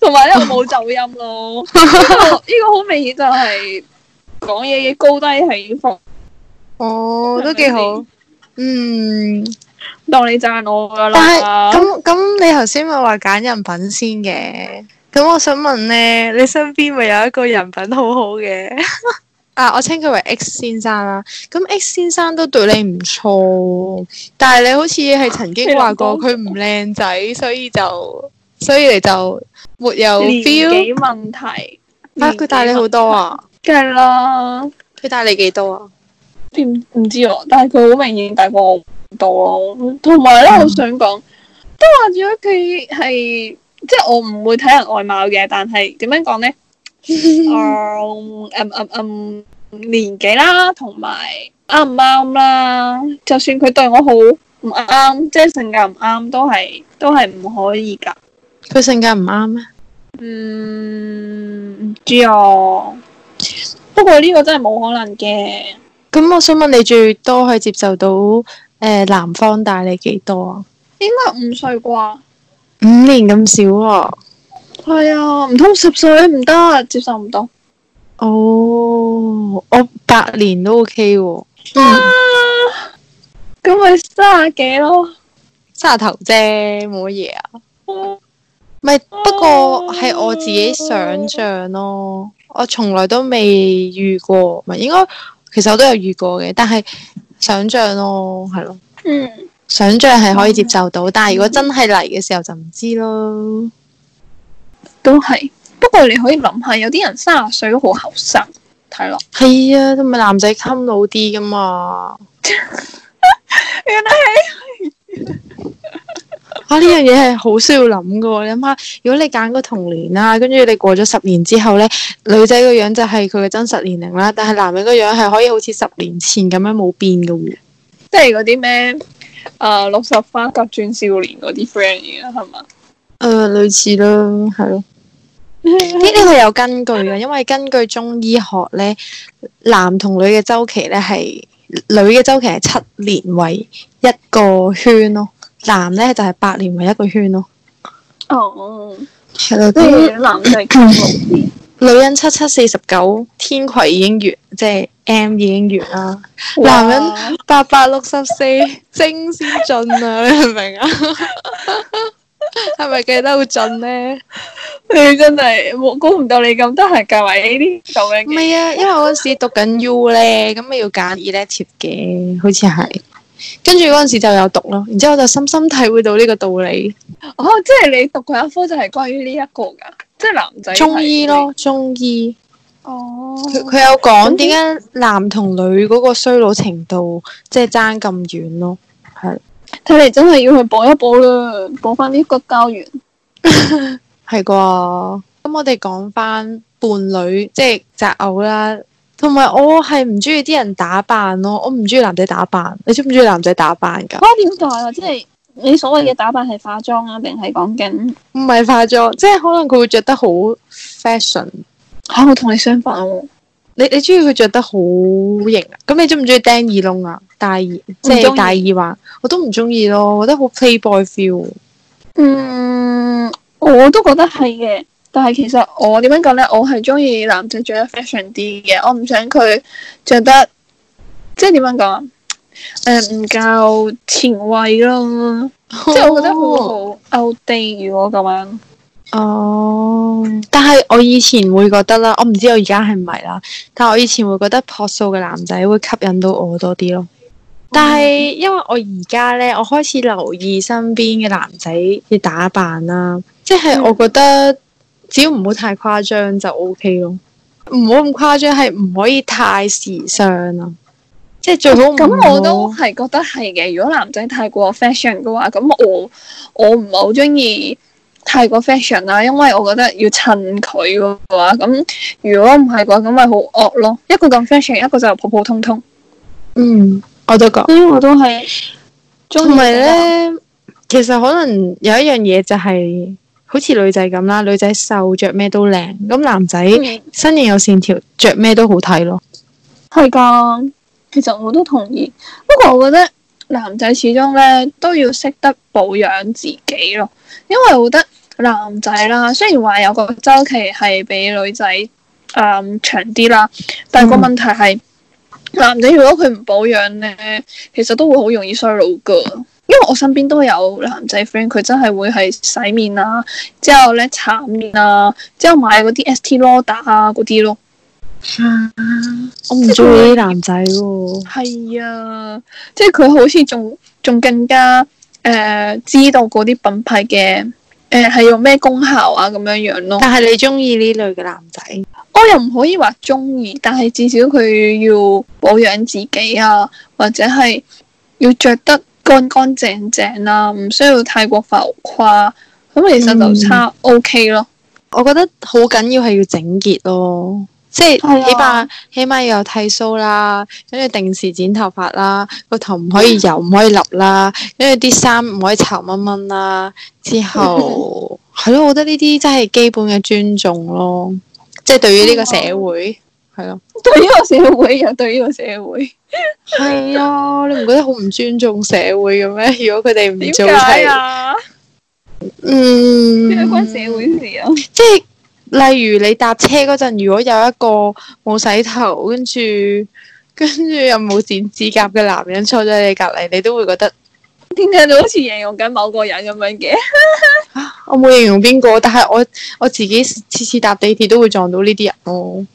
同埋咧我冇走音咯。呢、 呢個呢、呢個好明顯就係、是。講嘢嘅高低起伏，哦，是是都幾好，嗯，當你讚我噶啦，但係咁咁你頭先咪話揀人品先嘅，咁我想問咧，你身邊咪有一個人品好好嘅 啊？我稱佢為 X 先生啦，咁 X 先生都對你唔錯，但係你好似係曾經話過佢唔靚仔，所以就所以你就沒有 feel 年紀問題，年紀問題啊，佢大你好多啊。梗係啦，佢大你幾多啊？點唔知啊？但係佢好明顯大過我唔多。同埋咧，嗯，想就是，我想講都話咗佢係即係我唔會睇人外貌嘅，但係點樣講咧？嗯嗯嗯，年紀啦，同埋啱唔啱啦。就算佢對我好唔啱，即、就、係、是、性格唔啱，都係都係唔可以噶佢性格唔啱咩？嗯，唔知喎。不過呢個真係冇可能嘅。咁我想問你，最多可以接受到誒，男、呃、方大你幾多啊？應該五歲啩？五年咁少啊？係啊、哎，唔通十歲唔得，接受唔到。哦，我八年都 OK 喎。啊，咁咪、啊嗯啊、三卅幾咯，卅頭啫，冇乜嘢啊。咪、啊、不，不過係我自己想象。咯我從來都未遇過，唔係應該，其實我都有遇過嘅，但係想像咯，係咯，嗯，想像係可以接受到，嗯，但係如果真係嚟嘅時候就唔知咯，都係。不過你可以諗下，有啲人三十歲都好後生，睇落係啊，同埋男仔襟老啲噶嘛。 原來係是。 啊！呢樣嘢係好需要諗噶，你諗下，如果你揀個同年啦，跟住你過咗十年之後呢，女仔個樣就係佢嘅真實年齡啦，但係男人個樣係可以好似十年前咁樣冇變噶喎。即係嗰啲咩，六十花甲轉少年嗰啲 friend 嘢係嘛？誒、呃，類似咯，係咯。呢啲係有根據噶，因為根據中醫學呢，男同女嘅週期呢係女嘅週期係七年為一個圈咯。男咧就係、是、百年為一個圈咯，哦，係咯，男就 女人七七四十九天葵已經完，即係 M 已經完啦。哇男人八八六十四精先盡啊，你明啊？係 咪計得好盡咧？ 你真係估唔到你咁得閒教埋呢啲咁嘅嘢。唔係啊，因為我嗰時讀緊 U 咧，咁咪要揀 elective 嘅，好似係。跟住嗰陣時就有讀咯，然之後我就深深體會到呢個道理。哦，即係你讀嗰一科就係關於呢一個噶，即係男仔中醫咯，中醫。哦。佢有講點解男同女嗰個衰老程度即係爭咁遠咯，係。睇嚟真係要去補一補啦，補翻呢個骨膠原。係啩？ 咁我哋講翻伴侶，即係擇偶啦。同埋我係唔中意啲人打扮咯，我唔中意男仔打扮。你中唔中意男仔打扮噶？啊，點解啊？即係你所謂嘅打扮係化妝啊，定係講緊？唔係化妝，即係可能佢會着得好 fashion。吓，我同你相反喎。你你中意佢着得好型啊？咁你中唔中意釘耳窿啊？戴耳即係戴耳環，我都唔中意咯。我覺得好 playboy feel。嗯，我都覺得係嘅。但係其實我點樣講呢？我係中意男仔着得 fashion 啲嘅，我唔想佢着得即係點樣講，誒，唔夠前衛咯，即係、嗯哦、我覺得好好 out date。如果咁樣，哦，但係我以前會覺得啦，我唔知我而家係唔係啦，但係我以前會覺得樸素嘅男仔會吸引到我多啲咯。嗯、但係因為我而家呢，我開始留意身邊嘅男仔嘅打扮啦，即係我覺得、嗯。只要唔好太誇張就 OK 咯，唔好咁誇張，係唔可以太時尚啊！即係最好咁，嗯、我都係覺得係嘅。如果男仔太過 fashion 嘅話，咁我我唔係好中意太過 fashion 啦，因為我覺得要襯佢嘅話，咁如果唔係嘅話，咁咪好惡咯。一個咁 fashion，一個就普普通通。嗯，我都覺，所、嗯、我都係，同埋咧，其實可能有一樣嘢就係、是。好似女仔咁啦，女仔瘦着咩都靚，咁男仔身形有線條，着咩都好睇咯。係噶其實我都同意。不過我覺得男仔始終咧都要識得保養自己咯，因為我覺得男仔啦，雖然話有個週期係比女仔誒、呃、長啲啦，但係個問題係、嗯、男仔如果佢唔保養咧，其實都會好容易衰老噶因為我身邊都有男仔 friend，佢真係會係洗面啊，之後咧搽面啊，之後買嗰啲 Estée Lauder 啊嗰啲咯。啊、我唔中意嗰啲男仔喎、哦。係啊，即係佢好似仲仲更加誒、呃、知道嗰啲品牌嘅誒係用咩功效啊咁樣樣咯。但係你中意呢類嘅男仔？我又唔可以話中意，但係至少佢要保養自己啊，或者係要着得。乾乾淨淨啦、啊，唔需要太過浮誇，咁其實就差、嗯、OK 咯。我覺得好緊要係要整潔咯，即係了起碼起碼要有剃鬚啦，跟住定時剪頭髮啦，個頭唔可以油唔、嗯、可以立啦，跟住啲衫唔可以臭蚊蚊啦，之後係咯， 我覺得呢啲真係基本嘅尊重咯，即、就、係、是、對於呢個社會。嗯係咯，對呢個社會又對呢個社會，係 啊，你唔覺得好唔尊重社會咁咩？如果佢哋唔做係，嗯，呢個關社會事啊，即係例如你搭車嗰陣，如果有一個冇洗頭，跟住跟住又冇剪指甲嘅男人坐咗你隔籬，你都會覺得點解，你好似形容緊某個人咁樣嘅？ 我冇形容邊個，但係我我自己次次搭地鐵都會撞到呢啲人咯。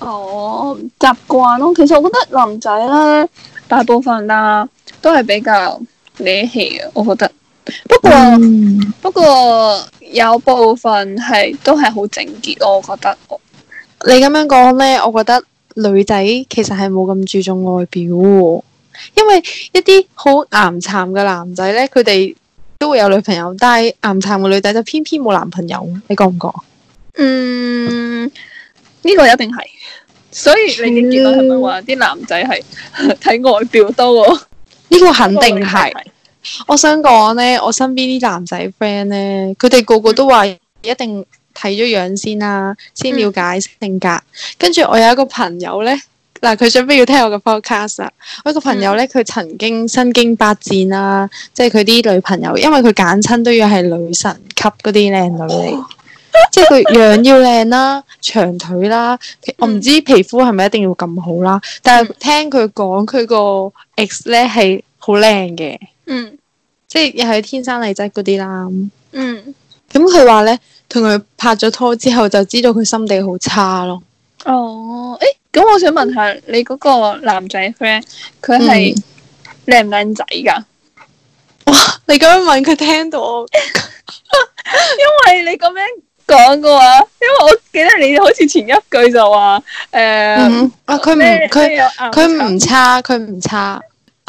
哦，oh，習慣咯。其實我覺得男仔啦，大部分啦、啊、都係比較僆氣嘅，我覺得。不過、mm. 不過有部分係都係好整潔，我覺得。你咁樣講呢，我覺得女仔其實係冇咁注重外表喎。因為一啲好岩殘嘅男仔呢，佢哋都會有女朋友，但係岩殘嘅女仔就偏偏冇男朋友，你覺唔覺？嗯。Mm. 呢個一定係，所以你點見到係咪話啲男仔係睇外表多？呢 個肯定係。 我想講呢，我身邊啲男仔 friend 呢，佢哋個個都話一定睇咗樣先啦，啊，先了解性格。嗯、跟住我有一個朋友呢，嗱，佢準備要聽我嘅 forecast 啦。我一個朋友呢，佢、嗯、曾經身經百戰啦，啊，即係佢啲女朋友，因為佢揀親都要係女神級嗰啲靚女嚟。哦 即係佢樣要靚啦，長腿啦，嗯、我唔知皮膚係咪一定要咁好啦。但係聽佢講，佢個 ex 咧係好靚嘅，嗯，即係又係天生麗質嗰啲啦。嗯，咁佢話咧，同佢拍咗拖之後，就知道佢心地好差咯。哦，誒、欸，咁我想問下你嗰個男仔 friend，佢係靚唔靚仔噶？哇，你咁樣問佢聽到， 因為你咁樣。講過啊，因為我記得你好似前一句就話誒，啊佢唔佢佢唔差，佢唔差。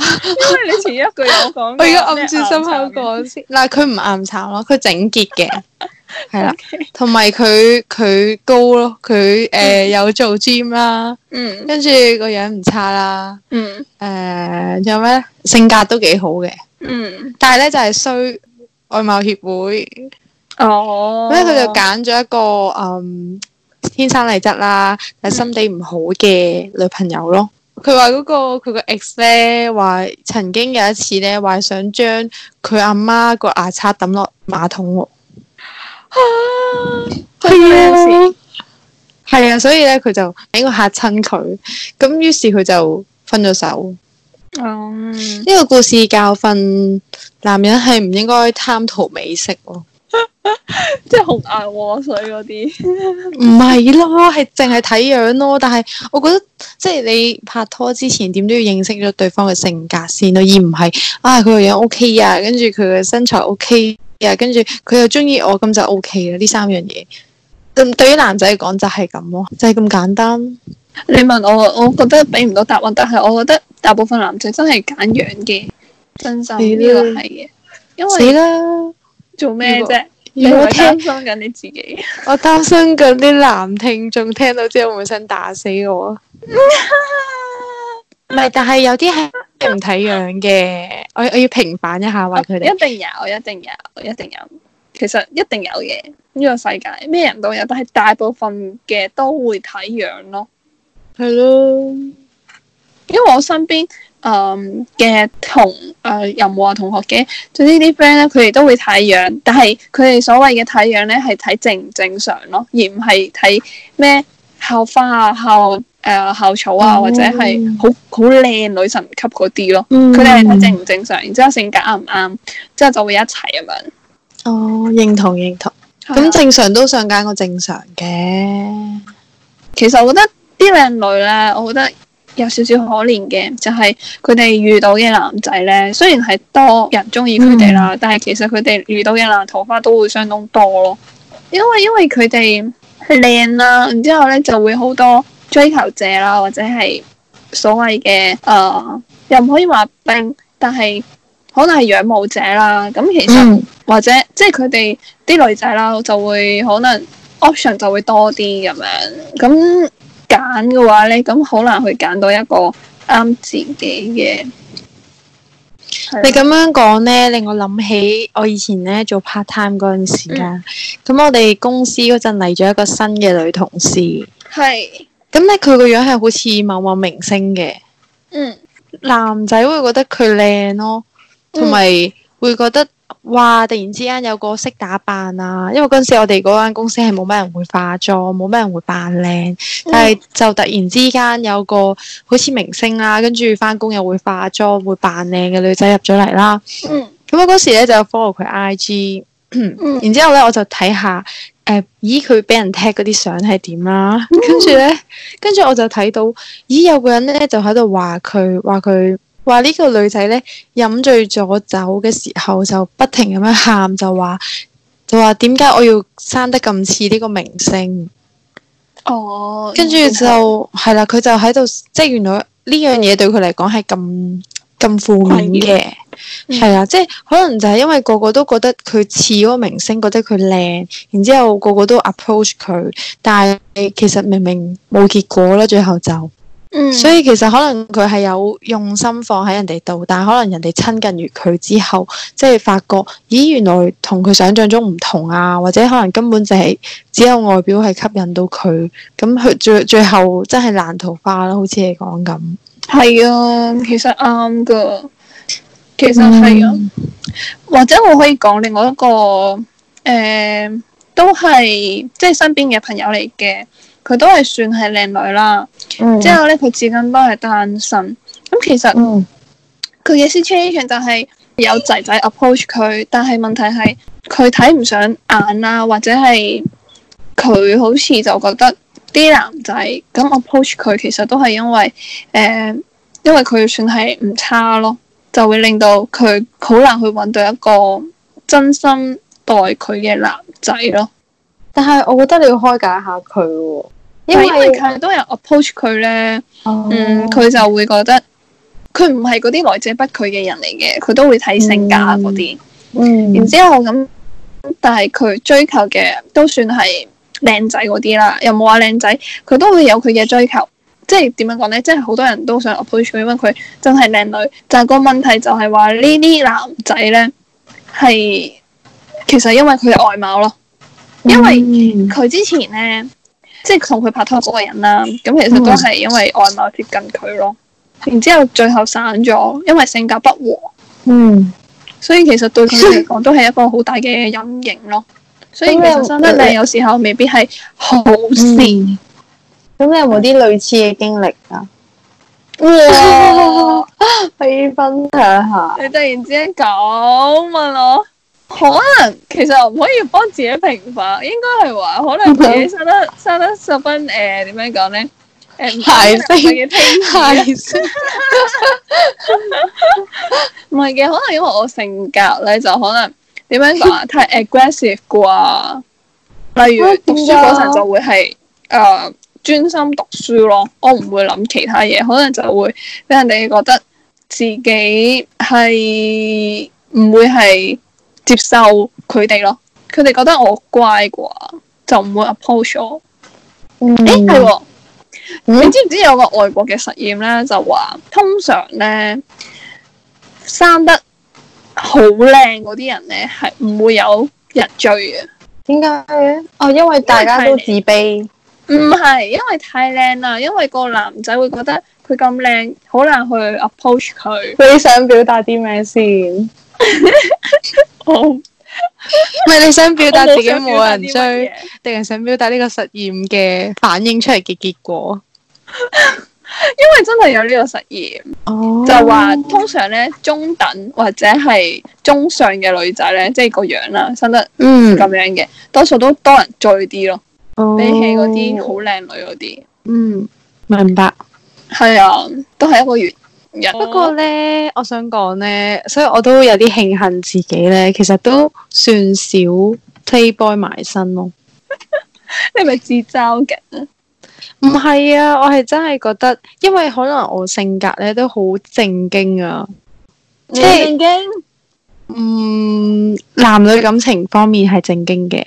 因為你前一句有講。我而家暗住心口講先。嗱，佢唔暗慘咯，佢整潔嘅，係啦，同埋佢佢高咯，佢誒有做 gym 啦，跟住個樣唔差啦，誒，仲有咩性格都幾好嘅，嗯，但係咧就係衰外貌協會。哦，oh. 所以佢就揀咗一個誒、嗯、天生麗質啦，但係心地唔好嘅女朋友咯。佢話嗰個佢個 ex 咧，話曾經有一次咧，話想將佢阿媽個牙刷抌落馬桶喎。係啊，所以咧佢就應該吓親佢，咁於是佢就分咗手。哦、um.，呢 個故事教訓男人係唔應該貪圖美色咯。 即係紅顏禍水嗰啲， 唔係啦，係淨係睇樣咯。但係我覺得，即係你拍拖之前，點都要認識咗對方嘅性格先咯，而唔係啊佢個樣 OK 啊，跟住佢嘅身材 OK 啊，跟住佢又中意我，咁就 OK 啦。呢三樣嘢，咁、嗯、對於男仔嚟講就係咁咯，就係、是、咁簡單。你問我，我覺得俾唔到答案，但係我覺得大部分男仔真係揀樣嘅，真心呢個係嘅，死啦了！因為 做咩啫？如果 你好擔心緊聽你自己。我擔心緊啲男聽眾聽到之後會，會想打死我。唔係， 但係有啲係唔睇樣嘅。我我要平反一下，話佢哋一定有，一定有，一定有。其實一定有嘅。呢、這個世界咩人都有，但係大部分嘅都會睇樣咯。係咯了，因為我身邊。誒嘅、嗯、同誒任何同學嘅，即係呢啲 friend 咧，佢哋都會睇樣，但係佢哋所謂嘅睇樣咧，係睇正唔正常咯，而唔係睇咩校花啊、校誒、呃、校草啊，或者係好好靚女神級嗰啲咯。佢哋係睇正唔正常，嗯、然之後性格啱唔啱，之後就會一齊咁樣。哦，認同認同，咁正常都想揀個正常嘅。的其實我覺得啲靚女咧，我覺得。有少少可憐嘅，就係佢哋遇到嘅男仔呢，雖然係多人中意佢哋啦，嗯、但係其實佢哋遇到嘅爛桃花都會相當多咯。因為因為佢哋靚啦，然、啊、之後呢就會好多追求者啦，或者係所謂嘅誒、呃，又唔可以話病，但係可能係仰慕者啦。咁其實、嗯、或者即係佢哋啲女仔啦，就會可能 option 就會多啲咁樣咁。揀嘅話咧，咁好難去揀到一個啱自己嘅。你咁樣講咧，令我諗起我以前咧做 part time 嗰陣時啦。咁、嗯、我哋公司嗰陣嚟咗一個新嘅女同事。係是。咁咧，佢個樣係好似某某明星嘅。嗯。男仔會覺得佢靚咯，同埋會覺得。哇！突然之間有個識打扮啊，因為嗰陣時我哋嗰間公司係冇咩人會化妝，冇咩人會扮靚，但係就突然之間有個好似明星啦，跟住翻工又會化妝、會扮靚嘅女仔入咗嚟啦。嗯，咁我嗰時咧就 follow 佢 IG，然之後咧我就睇下，誒、呃，咦，佢俾人踢嗰啲相係點啦？跟住咧，跟住我就睇到，咦，有個人咧就喺度話佢，話佢。話呢個女仔呢，飲醉咗酒嘅時候就不停咁樣喊，就話就話，點解我要生得咁似呢個明星？哦，跟住就係啦，佢、嗯、的就喺度，即係原來呢樣嘢對佢嚟講係咁咁負面嘅，係啊、嗯，即係可能就係因為個個都覺得佢似嗰個明星，覺得佢靚，然之後個個都 approach 佢，但係其實明明冇結果啦，最後就。嗯、所以其實可能佢係有用心放喺人哋度，但係可能人哋親近完佢之後，即係發覺，咦，原來同佢想象中唔同啊，或者可能根本就係只有外表係吸引到佢，咁佢最最後真係爛桃花啦，好似你講咁。係啊，其實啱噶，其實係啊，嗯、或者我可以講另外一個，誒、呃，都係即係身邊嘅朋友嚟嘅，佢都係算係靚女啦。嗯、之後咧，佢至今都係單身。咁其實佢嘅 situation 就係、是、有仔仔 approach 佢，但係問題係佢睇唔上眼啊，或者係佢好似就覺得啲男仔咁 approach 佢，appro 其實都係因為誒、呃，因為佢算係唔差咯，就會令到佢好難去揾到一個真心待佢嘅男仔咯。但係我覺得你要開解下佢。因為因為佢都有 approach 佢咧，oh. 嗯，佢就會覺得佢唔係嗰啲來者不拒嘅人嚟嘅，佢都會睇性格嗰啲。嗯，mm. 然之後咁，但係佢追求嘅都算係靚仔嗰啲啦，又冇話靚仔，佢都會有佢嘅追求。即係點樣講咧？即係好多人都想 approach 佢，因為佢真係靚女。但係個問題就係話呢啲男仔咧，係其實因為佢嘅外貌咯，因為佢之前咧。Mm. 即係同佢拍拖嗰個人啦，咁其實都係因為外貌接近佢咯，然之後最後散咗，因為性格不和。嗯，所以其實對佢嚟講都係一個好大嘅陰影咯。所以其實生得靚有時候未必係好事。咁、嗯、你有冇啲類似嘅經歷啊？哇， 可以分享下。你突然之間咁問我。可能其實唔可以幫自己平反，應該係話可能自己生得生 得，得十分誒，點樣講咧？誒，唔係嘅聽，係唔係嘅，可能因為我性格咧就可能點樣講啊，太 aggressive 啩。 例如讀書嗰陣就會係誒專心讀書咯，我唔會諗其他嘢，可能就會俾人哋覺得自己係唔會係接受佢哋咯，佢哋覺得我乖啩，就唔會 approach 我。誒、mm，係、hmm. 喎，啊 mm hmm. 你知唔知有個外國嘅實驗咧？就話通常咧生得好靚嗰啲人咧，係唔會有人追嘅。點解？哦，因為大家都自卑。唔係，因為太靚啦，因為個男仔會覺得佢咁靚，好難去 approach 佢。你想表達啲咩先？哦，唔係 你想表達自己冇人追，定係想表達呢個實驗嘅反映出嚟嘅結果？ 因為真係有呢個實驗，oh. 就話通常呢，中等或者係中上嘅女仔呢，即、就、係、是、個樣啦、啊，生得咁樣嘅，mm. 多數都多人追啲咯，oh. 比起嗰啲好靚女嗰啲。嗯，mm. 明白。係啊，都係一個緣。不過呢，我想講呢，所以我都有啲慶幸自己呢，其實都算少 playboy 埋身咯。 你係咪自嘲嘅？唔係啊，我係真係覺得，因為可能我性格呢都好正經啊，正經、即係、嗯，男女感情方面係正經嘅。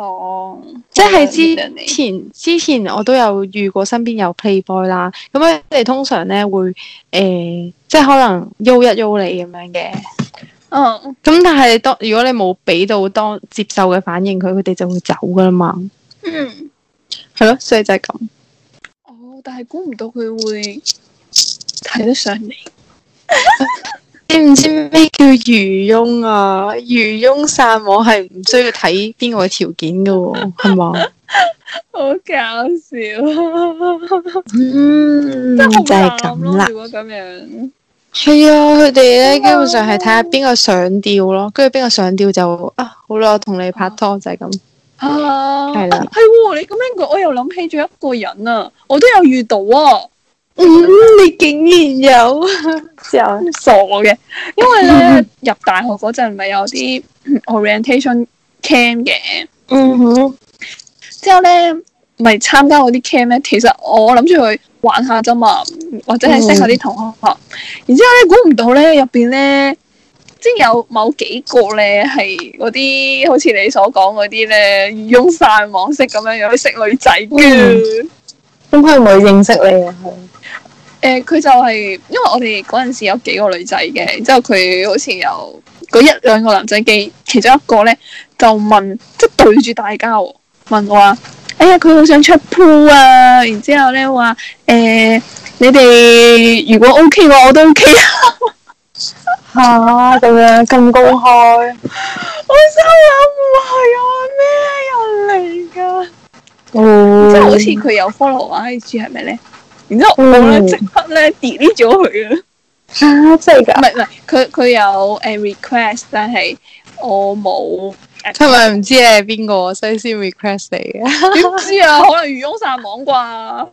哦，即係之前來之前我都有遇過身邊有 playboy 啦，咁樣佢哋通常咧會誒、呃，即係可能邀一邀你咁樣嘅。哦，咁但係當如果你冇俾到當接受嘅反應，佢佢哋就會走噶啦嘛。嗯，係咯，所以就係咁。哦，但係估唔到佢會睇得上你。 知唔知咩叫漁翁啊？漁翁撒網係唔需要睇邊個條件噶，係嘛？ 好搞笑，啊，嗯，真啊，就係咁啦。如果咁樣，係啊，佢哋咧基本上係睇下邊個上釣咯，跟住邊個上釣就啊，好啦，我同你拍拖就係咁啊，係啦，係喎，哦，你咁樣講，我又諗起咗一個人啊，我都有遇到啊。嗯，你竟然有之後 傻嘅，因為咧、嗯、入大學嗰陣咪有啲 orientation camp 嘅，嗯哼，之後咧咪參加嗰啲 camp 咧，其實我諗住去玩下啫嘛，或者係識下啲同學。嗯、然之後咧估唔到咧入邊咧，即係有某幾個咧係嗰啲好似你所講嗰啲咧，擁晒網識咁樣樣，識女仔噶，咁佢係咪認識你啊？誒，佢、呃、就係、是，因為我哋嗰陣時有幾個女仔嘅，之後佢好似有嗰一兩個男仔記，其中一個咧就問，即係對住大家，問我話，哎呀，佢好想出 pool 啊，然之後咧話，誒、呃，你哋如果 OK 嘅，我都 OK 啊，吓、 啊，咁樣咁公開， 我心諗唔係我咩人嚟噶，即係、嗯、好似佢有 follow IG、啊、住係咪咧？是。然之後我，我咧即刻咧 delete 咗佢啊！了了 啊，真係㗎？唔係唔係，佢佢有誒、uh, request，但係我冇。佢咪唔知係邊個所以先 request 你嘅？唔知啊，可能漁翁撒網啩。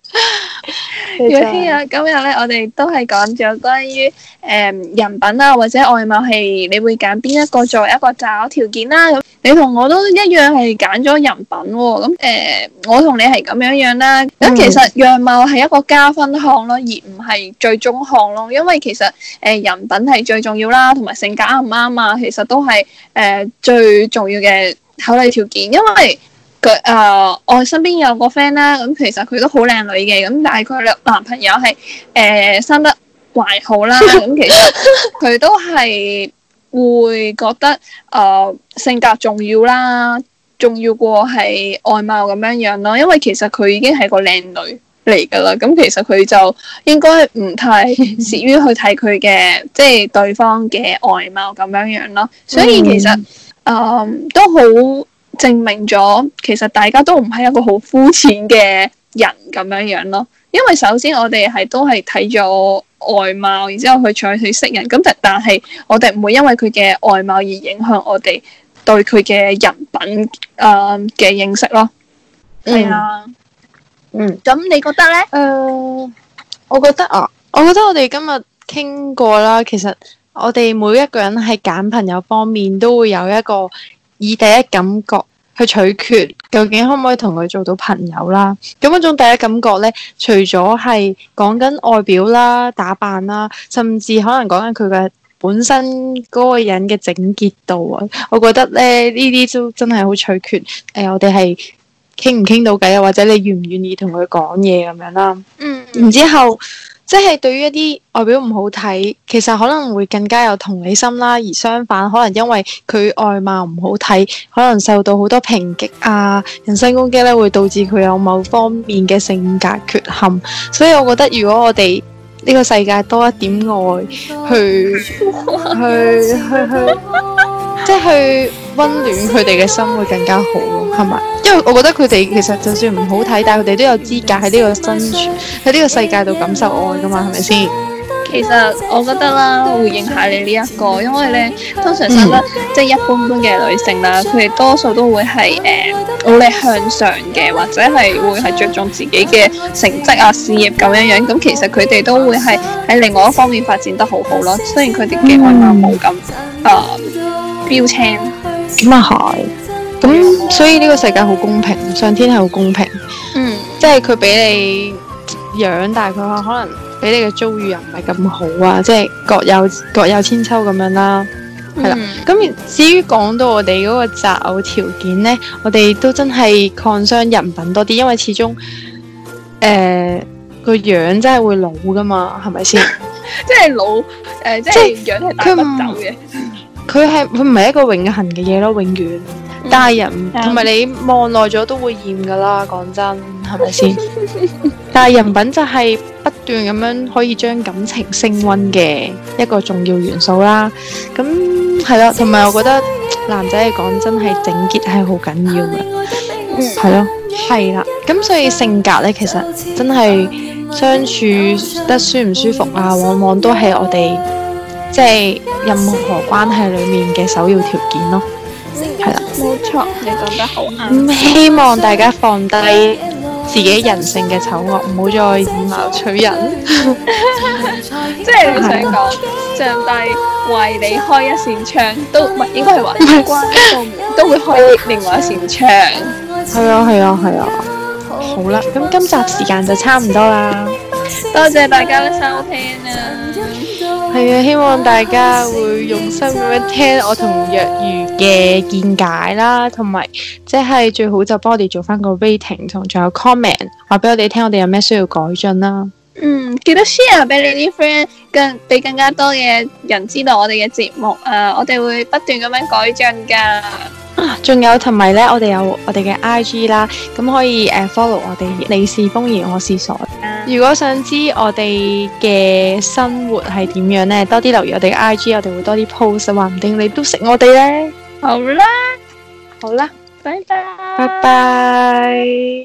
若曦啊，今日咧，我哋都係講咗關於誒人品，啊或者外貌係你會揀邊一個作為一個擇偶條件啦。咁你同我都一樣係揀咗人品喎。咁誒，我同你係咁樣樣啦。咁其實樣貌係一個加分項咯，而唔係最終項咯。因為其實誒人品係最重要啦，同埋性格啱唔啱啊，其實都係誒最重要。嘅考慮條件，因為佢誒，我身邊有個 friend 啦，咁其實佢都好靚女嘅，咁但係佢男朋友係誒生得還好啦，咁其實佢都係會覺得誒性格重要啦，重要過係外貌咁樣樣咯。因為其實佢已經係個靚女嚟噶啦，咁其實佢就應該唔太適於去睇佢嘅即係對方嘅外貌咁樣樣咯。所以其實。誒，um, 都好證明咗，其實大家都唔係一個好膚淺嘅人咁樣樣咯。因為首先我哋係都係睇咗外貌，然之後去採取識人。咁但但係我哋唔會因為佢嘅外貌而影響我哋對佢嘅人品誒嘅、呃、認識咯。係、嗯、啊，嗯。咁、嗯、你覺得咧？誒，uh, 我覺得啊，我覺得我哋今日傾過啦，其實。我哋每一個人喺揀朋友方面都會有一個以第一感覺去取決，究竟可唔可以同佢做到朋友啦？咁嗰種第一感覺咧，除咗係講緊外表啦、打扮啦，甚至可能講緊佢嘅本身嗰個人嘅整潔度啊，我覺得咧呢啲都真係好取決。誒、呃，我哋係傾唔傾到偈啊，或者你願唔願意同佢講嘢咁樣啦。嗯，然之後。即係對於一啲外表唔好睇，其實可能會更加有同理心啦。而相反，可能因為佢外貌唔好睇，可能受到好多評擊啊、人身攻擊咧，會導致佢有某方面嘅性格缺陷。所以我覺得，如果我哋呢個世界多一點愛， 去去去去。去 即係去溫暖佢哋嘅心會更加好咯，係咪？因為我覺得佢哋其實就算唔好睇，但係佢哋都有資格喺呢個身處喺呢個世界度感受愛噶嘛，係咪先？其實我覺得啦，回應下你呢、這、一個，因為呢，通常生得、嗯、即係一般般嘅女性啦，佢哋多數都會係誒努力向上嘅，或者係會係着重自己嘅成績啊、事業咁樣樣。咁其實佢哋都會係喺另外一方面發展得好好咯。雖然佢哋嘅外貌冇咁啊。嗯嗯標青，咁啊係，咁所以呢個世界好公平，上天係好公平，嗯，即係佢俾你樣，但係佢可能俾你嘅遭遇又唔係咁好啊，即係各有各有千秋咁樣啦、啊，係啦、嗯。咁至於講到我哋嗰個擇偶條件呢，我哋都真係 concern 人品多啲，因為始終誒個樣真係會老噶嘛，係咪先？呃、即係老誒，即係樣係帶唔走嘅。嗯佢係佢唔係一個永恒嘅嘢咯，永遠。但係人同埋你望耐咗都會厭噶啦，講真，係咪先？ 但係人品就係不斷咁樣可以將感情升溫嘅一個重要元素啦。咁係啦，同埋我覺得男仔嚟講真係整潔係好緊要嘅，嗯，係咯，係啦。咁所以性格呢，其實真係相處得舒唔舒服啊，往往都係我哋。即係任何關係裏面嘅首要條件咯，係啦，冇錯，你講得好啱。希望大家放低自己人性嘅醜惡，唔好再以貌取人。即係想講，上帝為你開一扇窗，都唔係應該係話都關都都會開另外一扇窗。係啊係啊係啊，好啦，咁今集時間就差唔多啦，多謝大家嘅收聽啊！係啊，希望大家會用心咁樣聽我同若如嘅見解啦，同埋即係最好就幫我哋做翻個 rating 同，仲有 comment 話俾我哋聽，我哋有咩需要改進啦。嗯，記得 share 俾你啲 friend，更俾更加多嘅人知道我哋嘅節目啊！我哋會不斷咁樣改進噶。啊，仲有同埋呢，我哋有我哋嘅 I G 啦，咁可以誒、uh, follow 我哋。你是瘋兒，我是傻。啊、如果想知我哋嘅生活係點樣呢？多啲留意我哋嘅 I G，我哋會多啲 post，話唔定你都識我哋呢？好啦，好啦，拜拜 bye，拜拜。